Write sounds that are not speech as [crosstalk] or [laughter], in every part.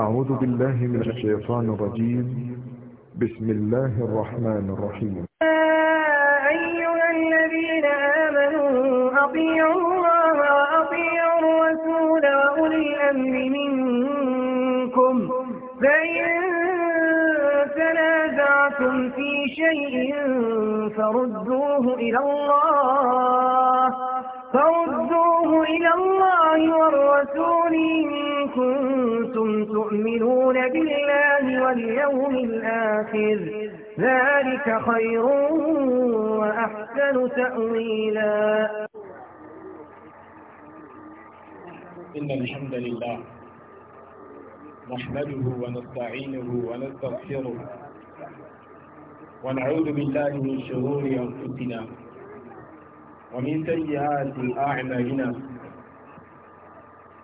أعوذ بالله من الشيطان الرجيم بسم الله الرحمن الرحيم يا أيها الذين آمنوا أطيعوا الله وأطيعوا الرسول وأولي الأمر منكم فإن تنازعتم في شيء فردوه إلى الله فردوه إلى الله والرسول إن كنتم تؤمنون بالله واليوم الآخر ذلك خير وأحسن تأويلا إن الحمد لله نحمده ونستعينه ونستغفره ونعوذ بالله من شرور أنفسنا ومن سيئات أعمالنا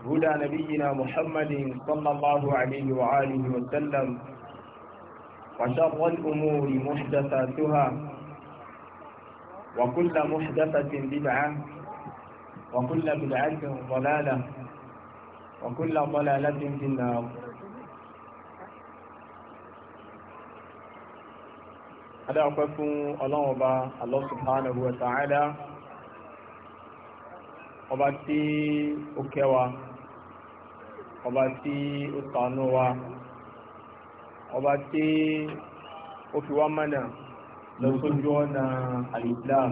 هدى نبينا محمد صلى الله عليه وآله وسلم وشر الأمور محدثاتها وكل محدثة بدعة وكل بدعة ضلالة وكل ضلالة في النار هذا أقف الله الله سبحانه وتعالى ọba tí ó ọba tí ó ṣàánú wa ọba tí ó fi wá mọ́nà lọ sójú ọ̀nà al-Islam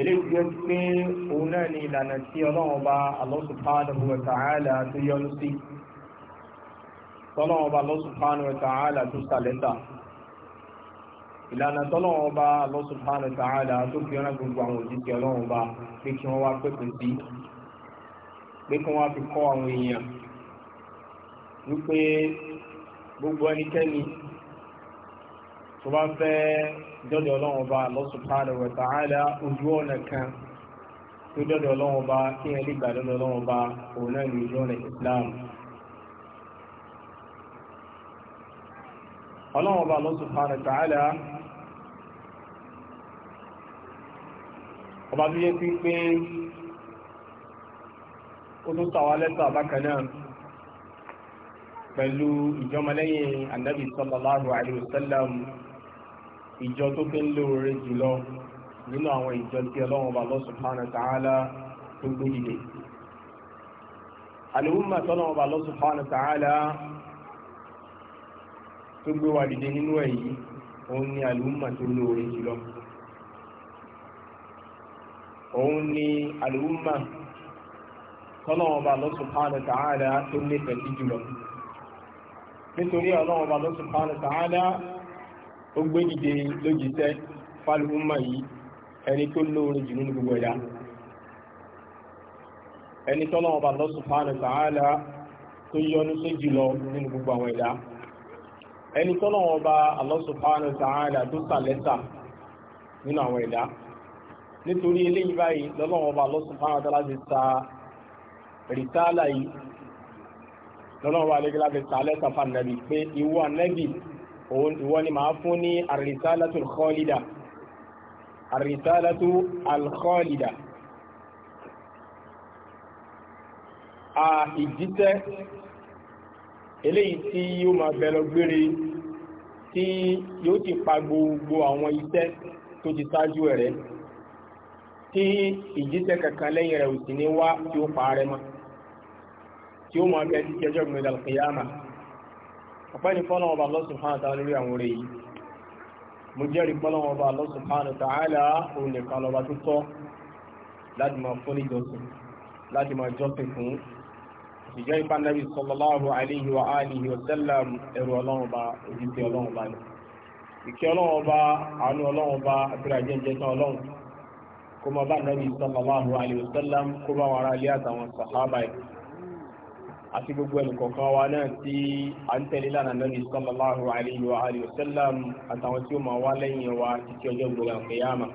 eléyìí jẹ́ pé òun náà ni ìlànà tí ọlọ́run ọba Allah subhanahu wa ta'ala tó yọ́nú sí tọ́lọ́run ọba Allah subhanahu wa ta'ala tó sàlẹ́sà ìlànà tọ́lọ́run ọba Allah subhanahu wa ta'ala tó fi ọ̀nà gbogbo àwọn òjíṣẹ́ ọlọ́run ọba pé kí wọ́n wá pèpè sí pé kí wọ́n fi kọ́ àwọn èèyàn wípé gbogbo ẹnikẹ́ni tó bá fẹ́ dọ́dọ̀ ọlọ́run ọba Allah subhanahu wa ta'ala ojú ọ̀nà kan tó dọ́dọ̀ ọlọ́run ọba kí ẹ lè gbà dọ́dọ̀ ọlọ́run ọba òun náà ní ojú ọ̀nà Islam. ọlọ́run ọba Allah subhanahu wa ta'ala ọba tó yẹ pé ó tún tàwa lẹ́tọ̀ àbákan náà pẹ̀lú ìjọmọlẹ́yìn ànábì sallallahu alaihi wasallam ìjọ tó fi ń lóore jùlọ nínú àwọn ìjọ tí ọlọ́run bá Allah subhanahu wa ta'ala tó gbódìde àlùmọ̀ tọ́lọ́run bá Allah subhanahu ta'ala tó gbé wa dìde nínú èyí òun ni àlùmọ̀ tó lóore jùlọ òun ni àlùmọ̀ tọ́lọ́wọ́n bá Allah subhanahu wa tó nífẹ̀ẹ́ sí jùlọ nítorí ọlọ́wọ́n bá Allah subhanahu wa ó gbé dìde lójíṣẹ́ fálùmọ́ yìí ẹni tó lóore jù nínú gbogbo ẹ̀dá ẹni bá tó sí jùlọ gbogbo àwọn ẹni bá rìsáàlà yìí lọ́lọ́run wa lẹ́gbẹ́ láti ta lẹ́sà fún ànábì pé ìwọ ànábì ìwọ ni màá fún ní àrìsáàlátù alkhọ́lìdà àrìsáàlátù alkhọ́lìdà a ìjíṣẹ́ eléyìí tí yóò máa bẹ̀rẹ̀ gbére tí yóò ti pa gbogbo àwọn iṣẹ́ tó ti ṣáájú rẹ̀ tí ìjíṣẹ́ kankan lẹ́yìn rẹ̀ ò sì ní wá tí ó pa rẹ̀ mọ́ tí ó mọ̀ abẹ́ ti kẹjọ́ gbẹ̀dẹ̀ alkiyama ọ̀pẹ́ ni fọ́nà ọba Allah subhanahu wa ta'ala lórí àwọn orí yìí mo jẹ́rìí fọ́nà ọba Allah subhanahu wa ta'ala òun nìkan lọ́ba tó tọ́ láti máa fún ìjọsìn láti máa jọ́sìn fún ọlọ́run ọba àánú ọlọ́run ọba abúlé ajẹ́jẹ́ tán ọlọ́run kó máa bá nàbí sallallahu alayhi wa kó bá wọn ará ilé àtàwọn sàhábà àti gbogbo ẹnìkọ̀ọ̀kan wa náà tí a ń tẹ̀lé lánàá Nabi sallallahu alayhi wa alihi wa sallam àtàwọn tí ó máa wá lẹ́yìn wa títí ọjọ́ gbogbo àkẹyàmà.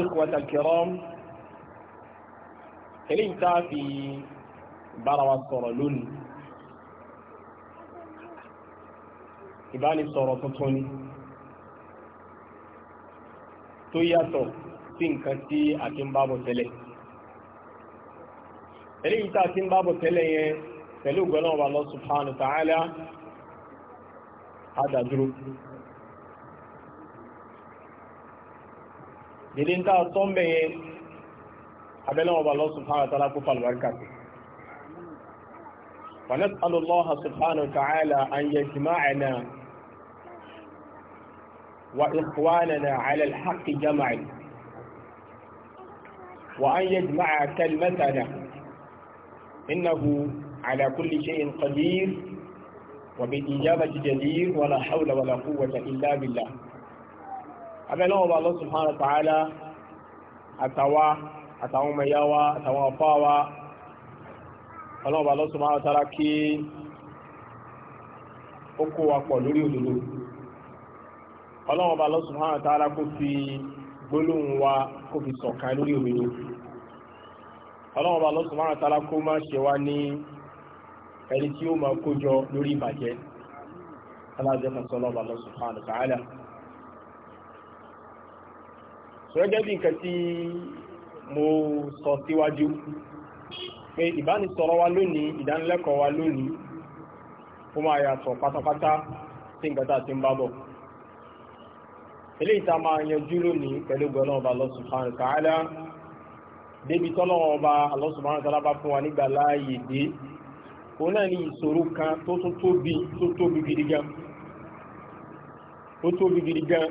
ikhwata kiram eléyìí tá a fi bára wa sọ̀rọ̀ lónìí ìbánisọ̀rọ̀ tuntun ni tó yàtọ̀ sí nǹkan tí a ti ń bábọ̀ tẹ́lẹ̀ eléyìí tá a ti ń bábọ̀ tẹ́lẹ̀ yẹn pẹ̀lú gbọ́nà ọba Allah subhanahu wa ta'ala adàdúró dèdè tá a sọ ń bẹ̀ yẹn abẹ́lẹ́ ọba Allah subhanahu wa ta'ala kó falùbáríkà sí ونسأل الله سبحانه وتعالى أن يجمعنا وإخواننا على الحق جمعا وأن يجمع كلمتنا إنه على كل شيء قدير وبالإجابة جدير ولا حول ولا قوة إلا بالله abẹ́lẹ́ ọba Allah subhanahu wa ta'ala àtàwà àtàwọn ọmọ ìyá wa àtàwọn ọ̀pá wa ọlọ́ọ̀bà Allah subhanahu wa ta'ala kí ó kó wa pọ̀ lórí òdodo ọlọ́ọ̀bà Allah subhanahu wa ta'ala kó fi gbólóhùn wa kó fi sọ̀ka lórí òmìnir ọlọ́run ọba lọ́sùn márùn tálá kó má ṣe wá ní ẹni tí ó máa kójọ lórí ìbàjẹ́ aláàjẹ́ fàṣọ ọlọ́run ọba lọ́sùn márùn tààlà gẹ́gẹ́ bí nǹkan tí mo sọ síwájú pé ìbánisọ̀rọ̀ wa lónìí ìdánilẹ́kọ̀ọ́ wa lónìí ó máa yàtọ̀ pátápátá sí nǹkan tá a ti ń bá bọ̀ eléyìí tá a máa yanjú lónìí pẹ̀lú gbọ́nà ọba Allah subhanahu wa ta'ala débi tọ́lọ́wọ́ ọba Allah subhanahu wa ta'ala bá fún wa nígbà láàyè dé òun náà ní ìṣòro kan tó tún tóbi tó tóbi gidi gan tó tóbi gidi gan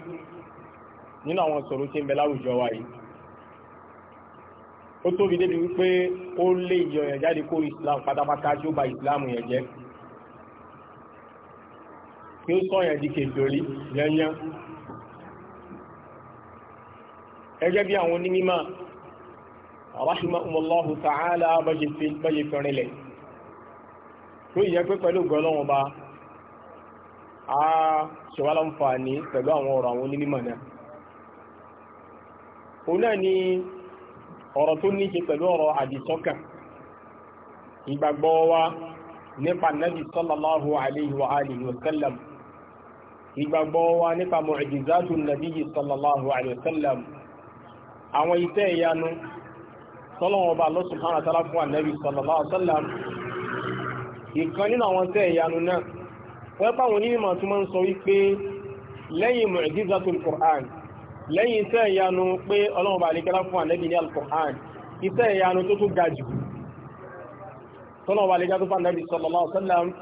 nínú àwọn ìṣòro tí ń bẹ láwùjọ wa yìí ó tóbi débi wípé ó lé ìyọ̀yàn jáde kó Islam pátápátá tí ó ba Islam yẹn jẹ́ kí ó sọ̀yàn di kèdòrí yányán gẹ́gẹ́ bí àwọn onímọ̀ rahimahumullahu ta'ala bẹ́yẹ fẹ́rinlẹ̀ tó yẹ pé pẹ̀lú gọlọ́wọ́n bá a ṣọwálà ń fa ní pẹ̀lú àwọn ọ̀rọ̀ àwọn onímọ̀ náà òun náà ni ọ̀rọ̀ tó ní ṣe pẹ̀lú ọ̀rọ̀ àdìsọ́kàn ìgbàgbọ́ wa nípa nabi sallallahu alayhi wa alihi wa sallam ìgbàgbọ́ wa nípa mu'jizatun nabi sallallahu alayhi wa sallam àwọn iṣẹ́ ìyanu tọ́lọ́wọ́n bá Allah subhanahu wa ta'ala fún ànẹ́bí sallallahu alaihi wasallam ìkan nínú àwọn iṣẹ́ ìyanu náà wọ́n bá wọn onímọ̀ tó máa ń sọ wípé lẹ́yìn mu'jizatul Qur'an lẹ́yìn iṣẹ́ ìyanu pé ọlọ́wọ́n bá fún ànẹ́bí ní al-Qur'an iṣẹ́ ìyanu tó tó ga jù tọ́lọ́wọ́n bá fún ànẹ́bí sallallahu alaihi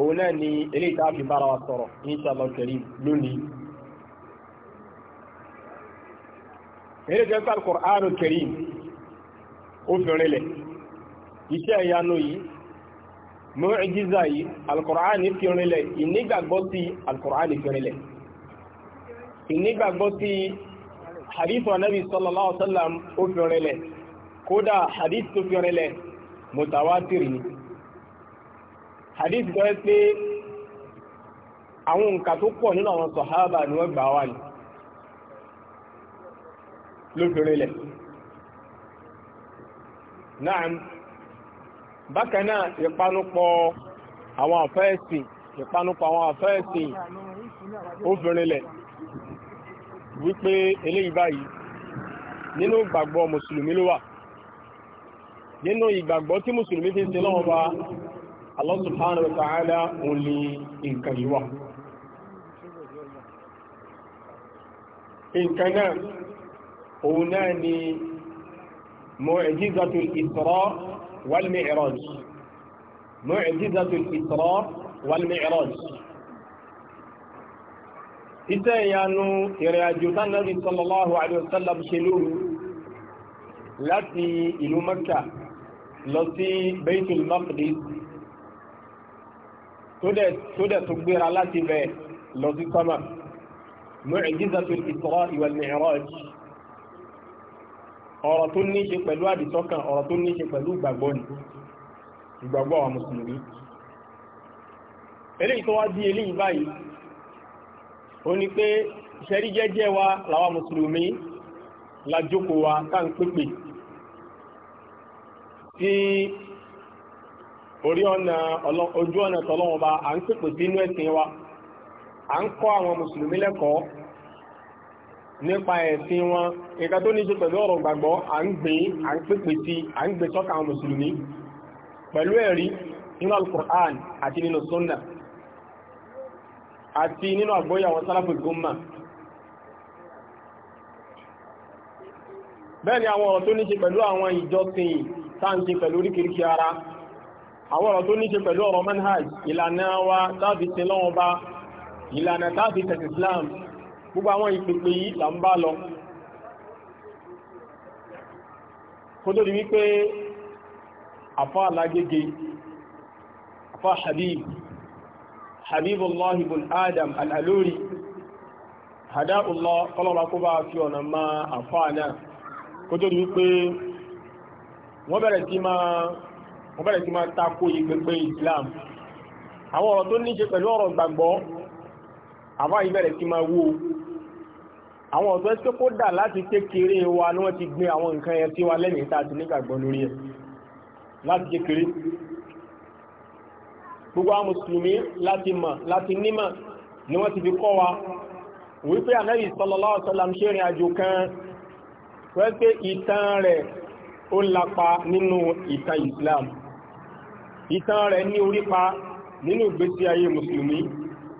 òun náà ni eléyìí tá eré jẹ́ sáà kọ̀ránù kẹrì ó fi rinlẹ̀ iṣẹ́ ìyanu yìí mọ́ẹ̀jíza yìí alkọ̀ránì fi rinlẹ̀ ìnígbàgbọ́ sí alkọ̀ránì fi rinlẹ̀ ìnígbàgbọ́ sí hadith wa nabi sallallahu alaihi wasallam ó fi rinlẹ̀ kódà hadith tó fi rinlẹ̀ mutawatir ni hadith tó pé àwọn nǹkan tó pọ̀ nínú àwọn sọ̀hábà ni wọ́n gbà wá ni lóbìnrin lẹ̀ náà bákan náà ìpanupọ̀ àwọn àfẹ́ẹ̀sìn ìpanupọ̀ àwọn àfẹ́ẹ̀sìn obìnrin lẹ̀ wípé eléyìí báyìí nínú ìgbàgbọ́ mùsùlùmí ló wà nínú ìgbàgbọ́ tí mùsùlùmí fi ṣe lọ́wọ́ bá Allah òun náà ni mu'jizatul Isra wal Mi'raj mu'jizatul Isra wal Mi'raj iṣẹ́ ìyanu ìrìnàjò tánàbí sallallahu alaihi wasallam ṣe lóru láti ìlú Mẹ́kà lọ sí Baitul Maqdis tó dẹ̀ tó gbéra ọ̀rọ̀ tó ní ṣe pẹ̀lú àdìsọ́kàn ọ̀rọ̀ tó ní ṣe pẹ̀lú ìgbàgbọ́ ni ìgbàgbọ́ àwọn mùsùlùmí eléyìí tó wá di eléyìí báyìí ó ní pé ìṣẹ́rí jẹ́jẹ́ wa làwa mùsùlùmí lájókòó wa tá ń pépè tí orí ọ̀nà ojú ọ̀nà tọ́lọ́wọ́ba à ń pépè sínú ẹ̀sìn wa à ń kọ́ àwọn mùsùlùmí lẹ́kọ̀ọ́ nípa ẹ̀sìn wọn nǹkan tó ní ṣe pẹ̀lú ọ̀rọ̀ gbàgbọ́ à ń gbé à ń pèpè sí à ń gbé sọ́kà àwọn mùsùlùmí pẹ̀lú ẹ̀rí nínú al-Qur'an àti nínú sunna àti nínú àgbóyà àwọn sálàfù gúnmà bẹ́ẹ̀ ni àwọn ọ̀rọ̀ tó ní ṣe pẹ̀lú àwọn ìjọsìn táǹṣe pẹ̀lú oríkìríkì ara àwọn ọ̀rọ̀ tó ní ṣe pẹ̀lú ọ̀rọ̀ manhaj ìlànà wa táàfi sin bá ìlànà táàfi tẹ̀sì Islam gbogbo àwọn ìpèpè yìí là ń bá lọ kó tó di wípé àfá alágége àfá habib habibullah ibn adam al'alori hadáullah kọlọ́wà kó bá fi ọ̀nà ma àfá náà kó tó di wípé wọ́n bẹ̀rẹ̀ sí máa tako ìpèpè islam àwọn ọ̀rọ̀ tó ní pẹ̀lú ọ̀rọ̀ gbàgbọ́ àbá ìbẹ̀rẹ̀ sí máa wó àwọn ọ̀dọ́ tí kó dà láti kékeré wa ní wọ́n ti gbé àwọn nǹkan yẹn tí wa lẹ́yìn tá a ti nígbàgbọ́ lórí ẹ̀ láti kékeré gbogbo àwọn mùsùlùmí láti mọ̀ láti nímọ̀ ni wọ́n ti fi kọ́ wa wípé ànábì sallallahu alaihi wasallam ṣe ìrìn àjò kan wọ́n pé ìtàn rẹ̀ ó Islam ìtàn rẹ̀ ní orípa nínú ìgbésí ayé mùsùlùmí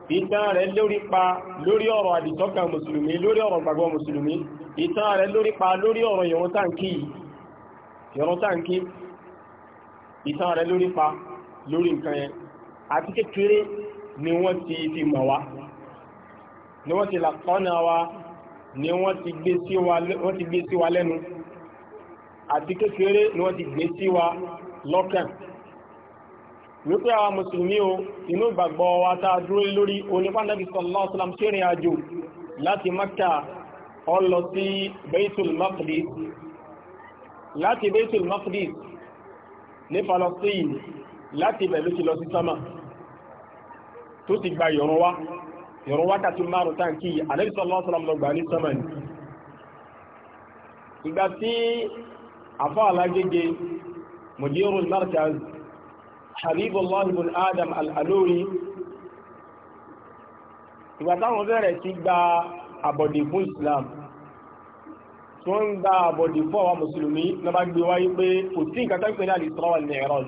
ìtàn rẹ̀ lórí pa lórí ọ̀rọ̀ àdìtọ́kà mùsùlùmí lórí ọ̀rọ̀ gbàgbọ́ mùsùlùmí ìtàn rẹ̀ lórí pa lórí ọ̀rọ̀ ìrun táǹkì ìtàn rẹ̀ lórí pa lórí nǹkan yẹn àti kékeré ni wọ́n ti fi mọ̀ wá ni wọ́n ti làkọ́nà wa ni wọ́n ti gbé sí wa lẹ́nu àti kékeré ni wọ́n ti gbé sí wa lọ́kàn wípé àwa mùsùlùmí o inú ìgbàgbọ́ wa tá a dúró lórí onípàdàbí sallallahu alaihi wasallam ṣe rìn àjò láti Makka ó lọ sí Baitul Maqdis láti Baitul Maqdis ní Palestine láti ibẹ̀ ló ti lọ sí sámà tó ti gba ìrun wá ìrun wákàtí márùn táǹkì Ànábì sallallahu lọ gbà ní sámà ni ìgbà tí àfáà lágége mùdírùl markaz Habibullah ibn Adam al-Alori ìgbà táwọn bẹ̀rẹ̀ sí gba àbọ̀dè fún Islam tí wọ́n ń gba àbọ̀dè fún àwọn mùsùlùmí ló bá gbé wáyé pé kò sí nǹkan tó ń pè ní al-Isra wal-Mi'raj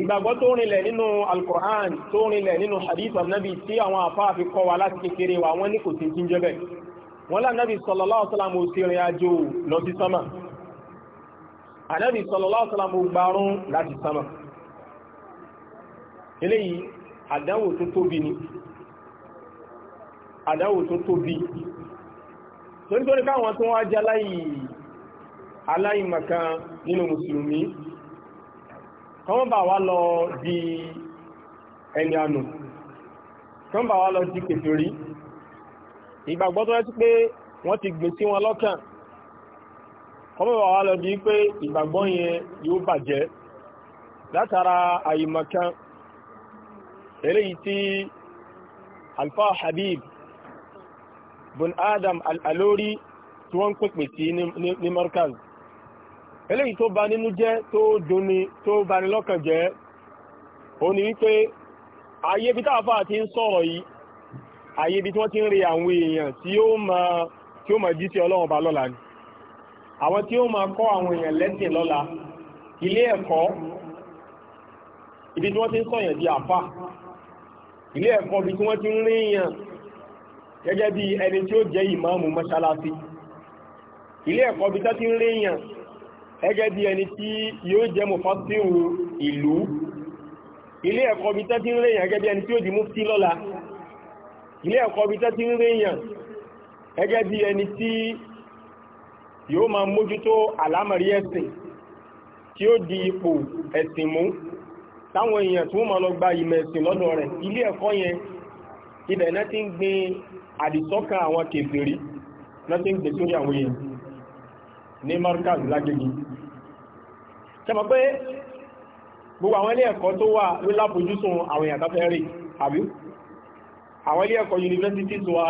ìgbàgbọ́ tó rinlẹ̀ nínú al-Qur'an tó rinlẹ̀ nínú hadith anabi tí àwọn àfáà fi kọ́ wa láti kékeré wa wọ́n ní kò sí jíjẹ́ bẹ́ẹ̀ wọ́n lá anabi sallallahu alaihi wasallam sí ìrìn àjò lọ sí sánmà anabi sallallahu alaihi wasallam gbarún láti sánmà eléyìí àdáwò tó tóbi ni àdáwò tó tóbi tó nítorí káwọn tó wá jẹ́ aláìmọ̀kan nínú mùsùlùmí kọ́n bá wá lọ di ẹni ànù kọ́n bá wá lọ di kèfèrí ìgbàgbọ́ tó rẹ́sí pé wọ́n ti gbé sí wọn lọ́kàn kọ́n bá wá lọ di pé ìgbàgbọ́ yẹn yóò bàjẹ́ látara àìmọ̀kan eléyìí tí alfa habib bun adam al'alori tí wọ́n pèpè sí ní markaz eléyìí tó bà nínú jẹ́ tó dùnni tó bà ní lọ́kàn jẹ́ ó ní wípé ayé bí táàfà ti ń sọ̀rọ̀ yìí ayé bí tí wọ́n ti ń rí àwọn èèyàn tí ó ma tí ó ma jí sí ọlọ́run ba lọ́la ni àwọn tí ó ma kọ́ àwọn èèyàn lẹ́sìn lọ́la ilé ẹ̀kọ́ ibi tí wọ́n ti ń sọ̀yàn di àfà ilé ẹ̀kọ́ bí tí wọ́n ti ń ríyàn gẹ́gẹ́ bí ẹni tí ó jẹ́ ìmáàmù mọ́ṣáláṣí ilé ẹ̀kọ́ bí tí wọ́n ti ń ríyàn gẹ́gẹ́ bí ẹni tí yóò jẹ́ mufasiru ìlú ilé ẹ̀kọ́ bí tí wọ́n ti ń ríyàn gẹ́gẹ́ bí ẹni di mufti lọ́la ilé ẹ̀kọ́ bí tí wọ́n ti tí ó di ipò ẹ̀sìn mú táwọn èèyàn tó máa lọ gba ìmọ̀ ẹ̀sìn lọ́dọ̀ rẹ̀ ilé ẹ̀kọ́ yẹn ibẹ̀ náà ti ń gbin àdìsọ́kàn àwọn kèfèrí náà ti ń gbé sórí àwọn èèyàn ní markaz lágbègbè ṣẹmọ pé gbogbo àwọn ilé ẹ̀kọ́ tó wà ló láfojúsùn àwọn èèyàn tó fẹ́ rí àbí àwọn ilé ẹ̀kọ́ yunifásitì tó wà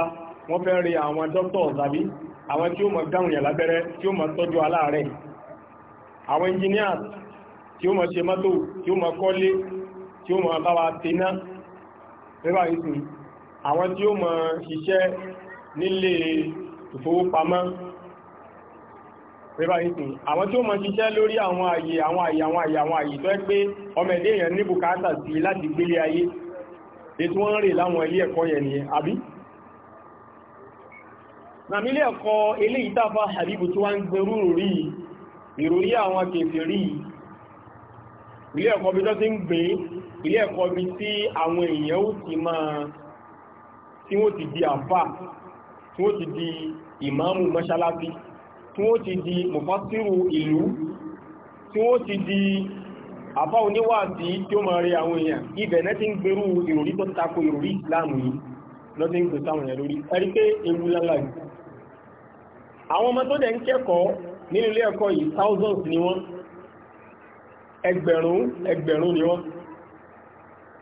wọ́n fẹ́ rí àwọn doctors àbí àwọn tí ó mọ̀ gáwọn èèyàn lábẹ́rẹ́ tí ó mọ̀ tọ́jú aláàárẹ̀ àwọn engineers tí ó mọ̀ ṣe mọ́tò tí ó mọ̀ kọ́lé tí ó mọ̀ bá wa tẹ́ná pẹ́bà ìsìn àwọn tí ó mọ̀ ṣiṣẹ́ nílé ìfowópamọ́ pẹ́bà ìsìn àwọn tí ó mọ̀ ṣiṣẹ́ lórí àwọn àyè àwọn àyè àwọn àyè àwọn àyè tó ẹ́ pé ọmọ ẹ̀dẹ́ èèyàn ní bùkátà sí láti gbélé ayé ètò wọ́n rè láwọn ilé ẹ̀kọ́ yẹn nìyẹn àbí nàmì ilé ẹ̀kọ́ eléyìí tàfà àdìbò tí wọ́n ń gbẹrú rí ìròrí àwọn kèfèrí yìí ilé ẹ̀kọ́ bí tó ti ń gbé ilé ẹ̀kọ́ bí tí àwọn èèyàn ó ti máa tí wọ́n ti di àfà tí wọ́n ti di ìmáàmù mọ́ṣáláṣí tí wọ́n ti di mọ̀fásírù ìlú tí wọ́n ti di àfà oníwàásí tí ó máa rí àwọn èèyàn ibẹ̀ náà ti ń gbèrú ìròrí tó tako ìròrí ìsìláàmù yìí lọ́ ti ń gbé sáwọn èèyàn lórí ẹ̀rí pé ewu lálàá yìí àwọn ọmọ tó dẹ̀ ń kẹ́kọ̀ọ́ nínú ilé ẹ̀kọ́ yìí thousands ni wọ́n ẹgbẹ̀rún ẹgbẹ̀rún ni wọ́n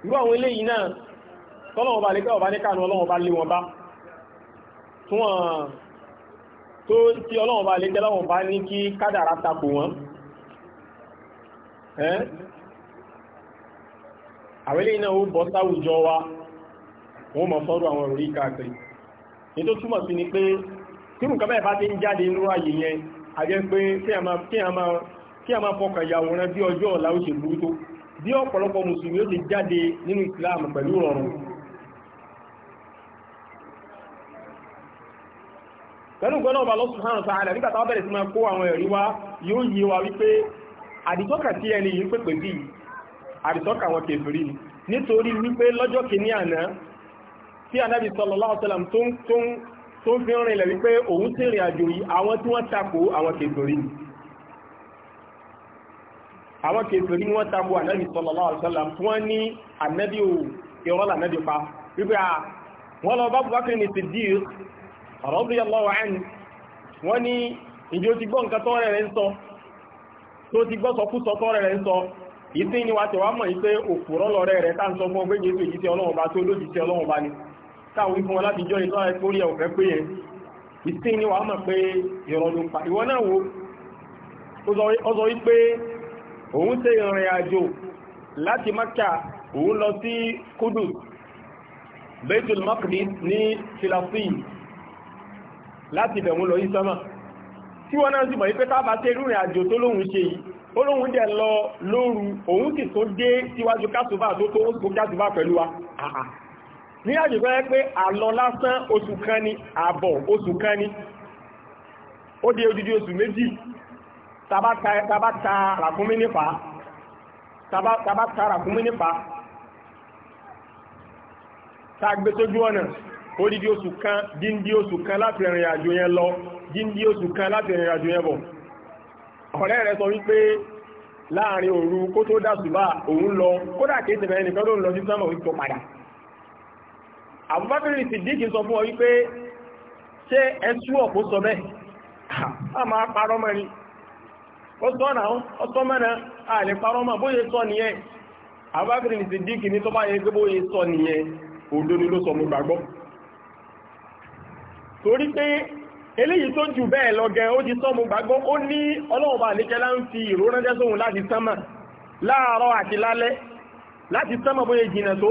irú àwọn eléyìí náà tọ́lọ́wọ́ bá lé pé ọba ní kàánú ọlọ́wọ́ bá lé wọn bá tún wọn tó tí ọlọ́wọ́ bá lé tẹ́lọ́wọ́ bá ní kí kádàrá takò wọn àwọn eléyìí náà ó bọ́ sáwùjọ wa wọ́n mọ̀ sọ́rọ̀ àwọn orí káàkiri ní tó túmọ̀ sí ni pé tí nǹkan bẹ́ẹ̀ bá ti ń jáde nínú ààyè yẹn a jẹ́ pé kí a máa kí a máa fọkàn yàwòrán bí ọjọ́ ọ̀la ó ṣe burú tó bí ọ̀pọ̀lọpọ̀ mùsùlùmí ó ti jáde nínú islam pẹ̀lú rọrùn pẹ̀lú gbọ́nà ọba lọ́sùn hàn sáàrẹ̀ nígbà táwọn bẹ̀rẹ̀ sí máa kó àwọn ẹ̀rí wá yóò yé wa wípé àdìtọ́kà tí ẹni yìí pèpè bí àdìtọ́kà wọn kèfèrí ni nítorí wípé lọ́jọ́ kìíní àná tí anábì sallallahu alaihi wasallam tó ń fi rìnlẹ̀ wípé òun sì rìn àjò yìí àwọn tí wọ́n takò àwọn kèfèrí ni àwọn kèfèrí ni wọ́n tako ànábì sallallahu alaihi wasallam tí wọ́n ní ànábì ò ìrọ́lá ànábì pa wípé à wọ́n lọ bá Abubakar ní Siddiq radiyallahu anhu wọ́n ní ìjọ ti gbọ́ nǹkan tọ́rẹ̀ rẹ̀ ń sọ tó ti gbọ́ sọ fúsọ tọ́rẹ̀ rẹ̀ ń sọ ìsìn ni wàá tẹ̀wá mọ̀ yìí pé òpùrọ́ lọ rẹ̀ rẹ̀ tá ń sọ fún ọgbẹ́ Jésù èyí tí Ọlọ́run bá tó lójì tí Ọlọ́run bá ní táwọn ìfún wọn láti jọ ìtọ́ ẹ̀kọ́ rí ọ̀fẹ́ pé yẹn ìsìn ni wàá mọ̀ pé ìrọ̀ ló ń pa ìwọ náà wo ó sọ wípé òun ṣe ìrìn àjò láti Maka òun lọ sí Kudus Baitul Maqdis ní Filastin láti bẹ̀rún lọ ìsọ́mà tí wọ́n náà sì mọ̀ wípé tábà tẹ́ ìrìn àjò tó lóhun ṣe yìí ó lóhun dẹ̀ lọ lóru òun sì tó dé síwájú kásùbà tó tó oṣù kásùbà pẹ̀lú wa ní àjò tó yẹ pé àlọ lásán oṣù kan ni àbọ̀ oṣù kan ni ó di odidi oṣù méjì taba ta taba ta ràkúnmí nípa taba taba ta ràkúnmí nípa ta gbé sójú ọ̀nà odidi oṣù kan díndí oṣù kan láti rìnrìn àjò yẹn lọ díndí oṣù kan láti rìnrìn àjò yẹn bọ̀ ọ̀rẹ́ rẹ sọ wípé láàrin òru kó tó dàsùbà òun lọ kódà kìí tẹ̀lé ẹnìkan tó ń lọ sí sánmà òun tó padà Abubakar Siddiq sọ fún ọ wípé ṣé ẹ sú ọ̀pọ̀ sọ bẹ́ẹ̀ [laughs] a máa parọ́ mọ́ ni ó sọ náà ó sọ mẹ́rin àlè parọ́ mọ́ sọ nìyẹn ní sọ sọ torí pé eléyìí tó jù bẹ́ẹ̀ lọ gẹ ó ti sọ gbàgbọ́ ó ní ọlọ́ọ̀bà àlékẹ́lá ń fi ìró sóhun láti sánmà láàárọ̀ àti lálẹ́ láti sánmà jìnà tó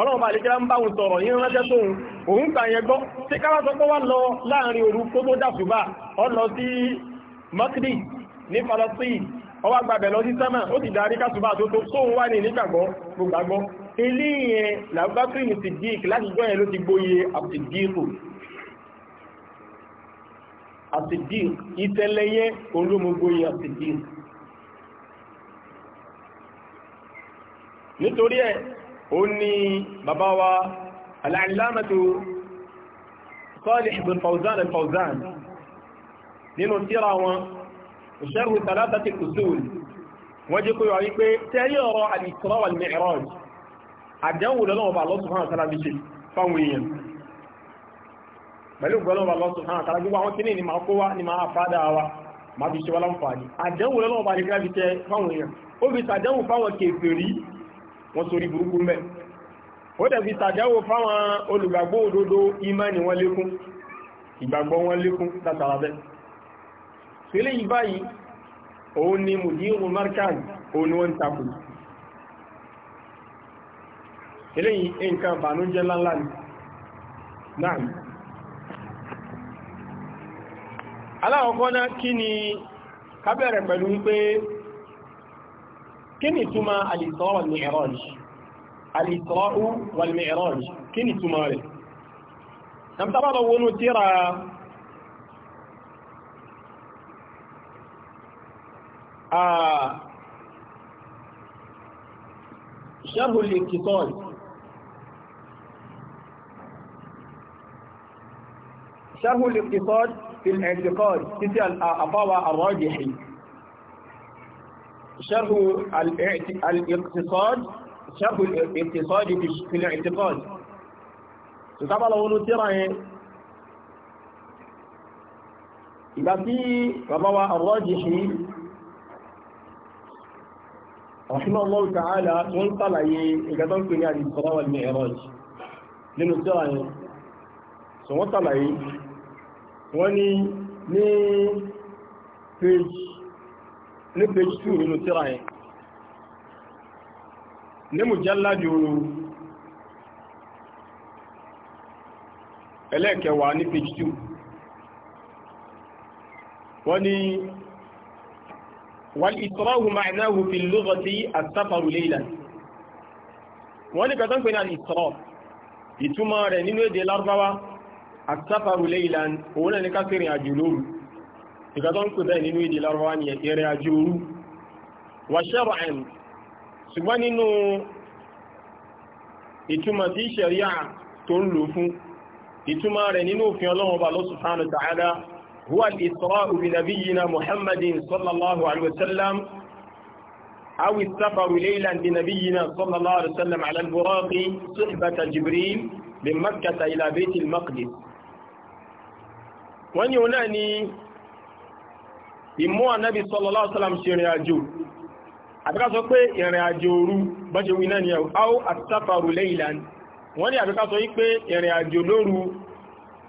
ọlọ́ọ̀bà bá sọ̀rọ̀ sóhun ní Palestine ọwá gbàbẹ̀ lọ sí sánmà ó ti darí kásùbà tó tó tó wà ní nígbàgbọ́ gbogbo ilé yẹn làbákìrì ní Siddiq láti gbọ́ yẹn ló ti gbóyè àtìdíkù àtìdík ìtẹ́lẹ̀ yẹn olómogbóyè àtìdík nítorí ẹ̀ ó ní bàbá wa al-allamatu Salih bin Fawzan nínú tírà wọn ṣẹ́rù tàlátà ti kù sóòl wọ́n jẹ́ kó yọ wípé tẹ́rí ọ̀rọ̀ al-Isra wal-Mi'raj àdánwò lọ́wọ́ bá lọ́sùn fún àtàlà bí ṣe fáwọn èèyàn pẹ̀lú gbọ́lọ́ bá lọ́sùn fún àtàlà gbogbo àwọn kíní ni máa kó wá ni máa fádà wa máa fi ṣe wá láǹfààní àdánwò lọ́wọ́ bá lè fi tẹ fáwọn èèyàn ó fi sàdánwò fáwọn kèfèrí wọn sórí ìgbàgbọ́ wọn lékún látara bẹ́ẹ̀ sílé yìí báyìí òun ni mùdírù markaz òun ni wọ́n takù sílé yìí nǹkan bànújẹ́ lánlá ni náà aláwọ̀kọ́ náà kí ni ká bẹ̀rẹ̀ pẹ̀lú wípé kí ni túmọ̀ al-Isra wal-Mi'raj al-Isra wal-Mi'raj kí ni túmọ̀ rẹ̀ ṣẹ́bùlì kìtọ́ọ̀lì شرح الاقتصاد في الاعتقاد تسع الأطاوى الراجحي شرح الاقتصاد شرح الاقتصاد في الاعتقاد تتابع لو نترى إذا في ربوى الراجحي رحمه الله تعالى وانطلع يقدر في يعني الإسراء والمعراج لأنه جاء سوى طلع واني ني بيج ني بيج تو لأنه ترى نمجلد ẹlẹ́ẹ̀kẹwàá ní page 2 wọ́n والإكراه معناه في اللغة السفر ليلا wọ́n ní kàtán pé ní al-isra ìtumọ̀ rẹ̀ nínú èdè lárúbáwá as-safaru laylan òun náà ní ká sí ìrìn àjò lóru ìkàtán pé bẹ́ẹ̀ nínú èdè lárúbáwá ní ìrìn àjò òru wa shar'an ṣùgbọ́n nínú ìtumọ̀ tí هو الإسراء بنبينا محمد صلى الله عليه وسلم أو السفر ليلا بنبينا صلى الله عليه وسلم على البراق صحبة جبريل من مكة إلى بيت المقدس wọ́n ní ọ̀nà ni ìmú ànábì sallallahu alaihi wasallam ṣe ìrìn àjò àbíká sọ pé ìrìn àjò òru bọ́jẹ̀ wí náà ni àwọ́ àtàfàrù laylan wọ́n ní àbíká sọ wípé ìrìn àjò lóru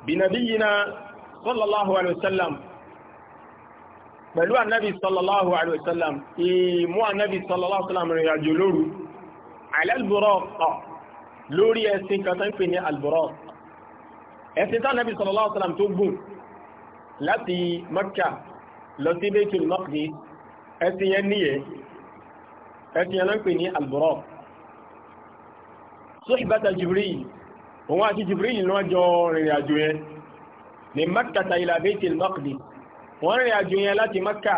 bìnàbí yìí náà sallallahu alayhi wa sallam pẹ̀lú ànábì sallallahu alayhi wa sallam ìmú ànábì sallallahu alayhi wa sallam rìn àjò lóru al-Buraqa lórí ẹṣin kan tó ń pè ní al-Buraqa ẹṣin tí ànábì sallallahu alayhi wa sallam tó gùn láti Makkah lọ sí Baitul Maqdis ẹṣin yẹn níyẹ ẹṣin yẹn ló ń pè ní al-Buraqa Jibril òun àti Jibril ni wọ́n jọ rìnrìn àjò yẹn min makkata ila baitul maqdis wọ́n rìn àjò yẹn láti makka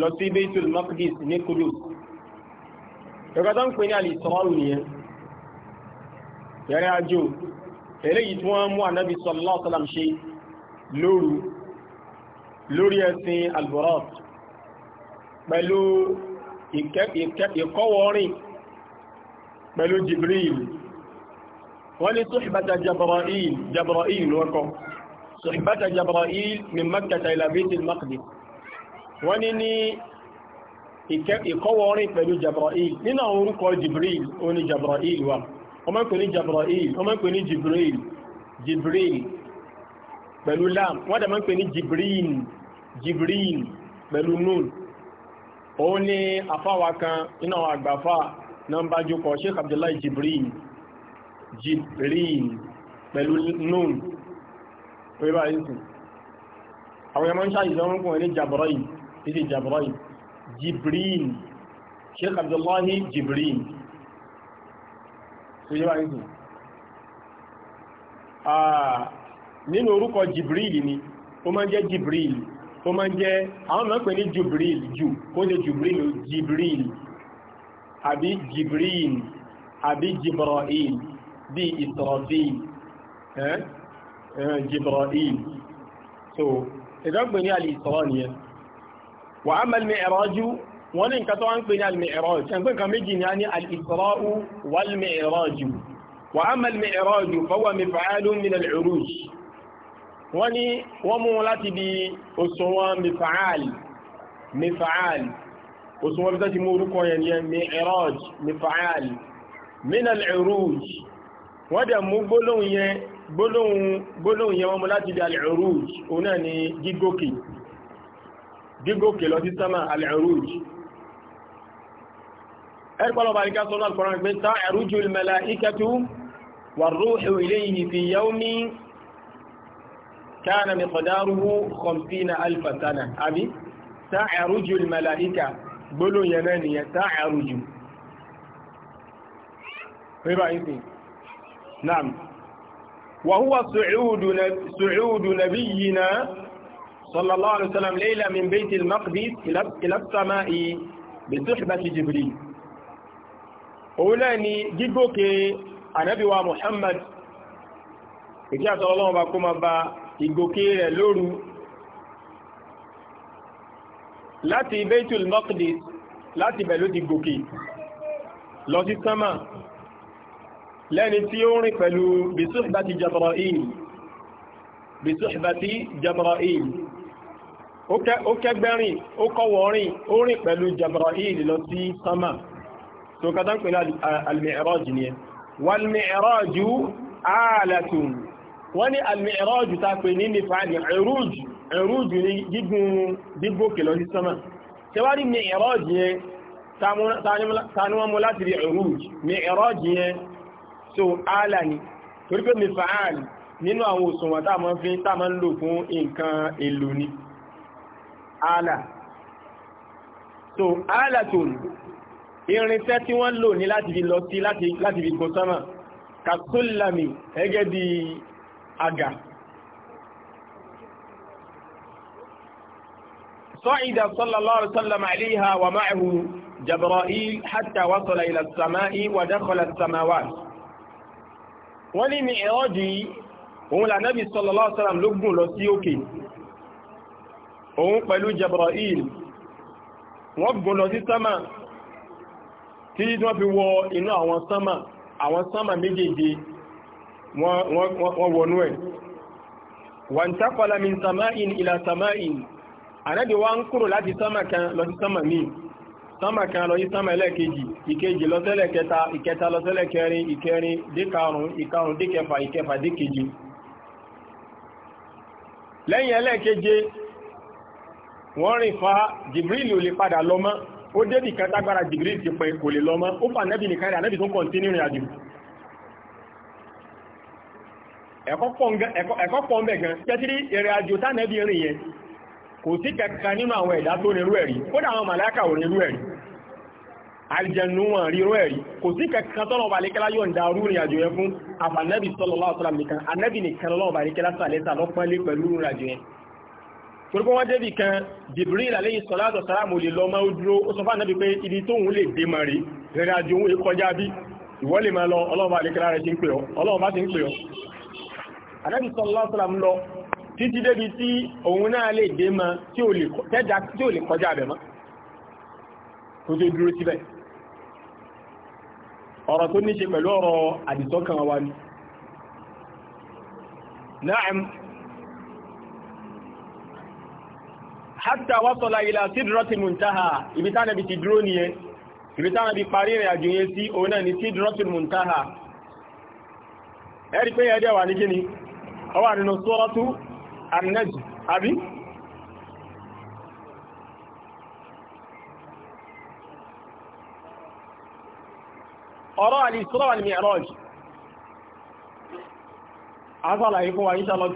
lọ sí baitul maqdis ní kudus ìgbà tó ń pè ní alìsọ́rọ̀ nìyẹn yẹrẹ àjò eléyìí tí wọ́n mú ànábì sallallahu alaihi wasallam ṣe lóru lórí ẹṣin alborat pẹ̀lú ìkọ́wọ́rìn pẹ̀lú jibril wọ́n ní suhbata jabra'il jabra'il wọ́kọ́ صحبة جبرائيل من مكة إلى بيت المقدس wọ́n ní ní ìkọ́wọ́rin pẹ̀lú jabra'il nínú àwọn orúkọ jibril ó ní jabra'il wa ọmọ ìpè ní jabra'il ọmọ ìpè ní jibril jibril pẹ̀lú lam wọ́n dàmọ́ ìpè ní jibril jibril pẹ̀lú nun ó ní afáwa kan nínú àwọn àgbàfà náà ń bá jókòó sheikh abdullahi jibril jibril pẹ̀lú nun pé bá yìí sùn àwọn ẹmọ ń ṣàyíṣẹ́ orúnkún ẹni jabrai títí jabrai jibrin sheikh abdullahi jibrin tó yẹ bá yìí sùn nínú orúkọ jibril ni ó máa ń jẹ́ jibril ó máa jẹ́ àwọn mọ̀ pé ní jù kó jẹ́ jibril jibril àbí jibril àbí jibril bí ìsọ̀rọ̀bí ẹ̀ràn Jibril so ìdọ́gbẹ̀ ní al-Isra nìyẹn wà á mẹ́lẹ̀ mẹ́ẹ̀rọ́jú wọ́n ní nǹkan tó wá ń pè ní al-Mi'raj ṣẹ̀gbẹ́ kan méjì ní a ní al-Isra wal-Mi'raj wà á mẹ́lẹ̀ mẹ́ẹ̀rọ́jú fọwọ́ mi fa'alun min al-'uruj wọ́n ní wọ́n mú láti bí òṣùwọ̀n mifa'al mifa'al òṣùwọ̀n bí tó ti mú orúkọ yẹn yẹn Mi'raj mifa'al min al-'uruj wọ́n dẹ̀ mú gbólóhùn yẹn gbólóhùn yẹn wọ́n mú láti bí al-uruj òun náà ni gígókè gígókè lọ sí sámà al-uruj ẹ̀rọ̀pọ̀lọ̀ bá ríká sọ́nà al-Qur'an pé ta'ruju al-mala'ikatu war-ruhu ilayhi fi yawmin وهو صعود صعود نبينا صلى الله عليه وسلم ليلة من بيت المقدس إلى السماء بصحبة جبريل أولاني جيبوك النبي محمد ìkí àtọ́ ọlọ́run bá kó ma ba ìgòkè rẹ̀ lóru láti Baitul Maqdis láti bẹ̀ lẹ́ni tí ó rìn pẹ̀lú bisuhbati Jabra'il bisuhbati Jabra'il ó kẹgbẹ́rin ó kọwọ́rin ó rìn pẹ̀lú Jabra'il lọ sí sama tó kátà ń pẹ̀lú al-Mi'raj ni ẹ wal-Mi'raju alatun wọ́n ní al-Mi'raj ta pè ní nífà ní Iruj ní gígùn gbígbókè lọ sí sama tẹwárí Mi'raj yẹn tánúwọ́n mú láti rí Iruj Mi'raj yẹn so ààlà ni torí pé mifa'al nínú àwọn òṣùwọ̀n tá máa fi tá máa ń lò fún nǹkan èlò ni ààlà so ààlà tó irinṣẹ́ tí wọ́n lò ní láti fi lọ sí láti fi gùn sánmà kàkúlàmì gẹ́gẹ́ bí àgà صعد صلى الله عليه وسلم عليها ومعه جبرائيل حتى وصل إلى السماء ودخل السماوات wọ́n ní mi ẹ̀ọ́jù yìí òun lànàbì sallallahu alaihi wasallam ló gùn lọ sí òkè òun pẹ̀lú Jibril wọ́n gùn lọ sí sánmà tí wọ́n fi wọ inú àwọn sánmà àwọn sánmà méjèèje wọ́n wọnú ẹ̀ wantaqala min sama'in ila sama'in ànábì wá ń kúrò láti sánmà kan lọ sí sánmà míì sánmà kan lọ sí sánmà ẹlẹ́ẹ̀kejì ìkejì lọ sẹ́lẹ̀ kẹta ìkẹta lọ sẹ́lẹ̀ kẹrin ìkẹrin díkarùn ìkarùn díkẹfà ìkẹfà lẹ́yìn ẹlẹ́ẹ̀keje wọ́n rìn fa Jibril ò lè padà lọ mọ́ ó débì kan Jibril ti kò lè lọ mọ́ ó fà nìkan gan ìrìn àjò rìn yẹn kò sí kẹkàn nínú àwọn ẹ̀dá tó nírú ẹ̀rí kódà àwọn màláíkà ò nírú ẹ̀rí àlìjẹ̀nù wọn rírú ẹ̀rí kò sí kẹkàn tọ́lọ̀ ọba àlékẹ́lá yóò ń da orú ìrìnàjò yẹn fún àfànẹ́bì sallallahu alaihi wasallam nìkan anẹ́bì nìkan lọ́wọ́ ọba àlékẹ́lá sàlẹ́sà lọ́pọ́nlé pẹ̀lú ìrìnàjò yẹn torípọ́ wọ́n débì kan Jibril alayhi salatu wassalamu lè lọ máa dúró ó sọ fánàbí pé ibi tóun lè dé mọ̀ rí rẹ̀rẹ̀ àjò òun kọjá bí ìwọ́ lè máa lọ ọlọ́ọ̀bá àlékẹ́lá rẹ̀ ti ń pè ọ́ ọlọ́ọ̀bá ti ń pè ọ́ anẹ́bì sallallahu alaihi wasallam lọ títí débi tí òun náà lè dé mọ tí ò lè kọjá abẹ mọ́ kó tó dúró síbẹ̀ ọ̀rọ̀ tó ní ṣe pẹ̀lú ọ̀rọ̀ àdìsọ́kàn wa ni na'am hatta wasala ila sidratil muntaha ibi tá nàbí ti dúró nìyẹn ibi tá nàbí parí rẹ̀ àjò yẹn sí òun náà ni sidratil muntaha ẹ̀rí pé ẹ̀dẹ̀ wà ní kíni ọwà nínú suratu anẹ́jì abi? ọ̀rọ̀ al-Isra wal-Mi'raj azàlàyé fún wa insha Allah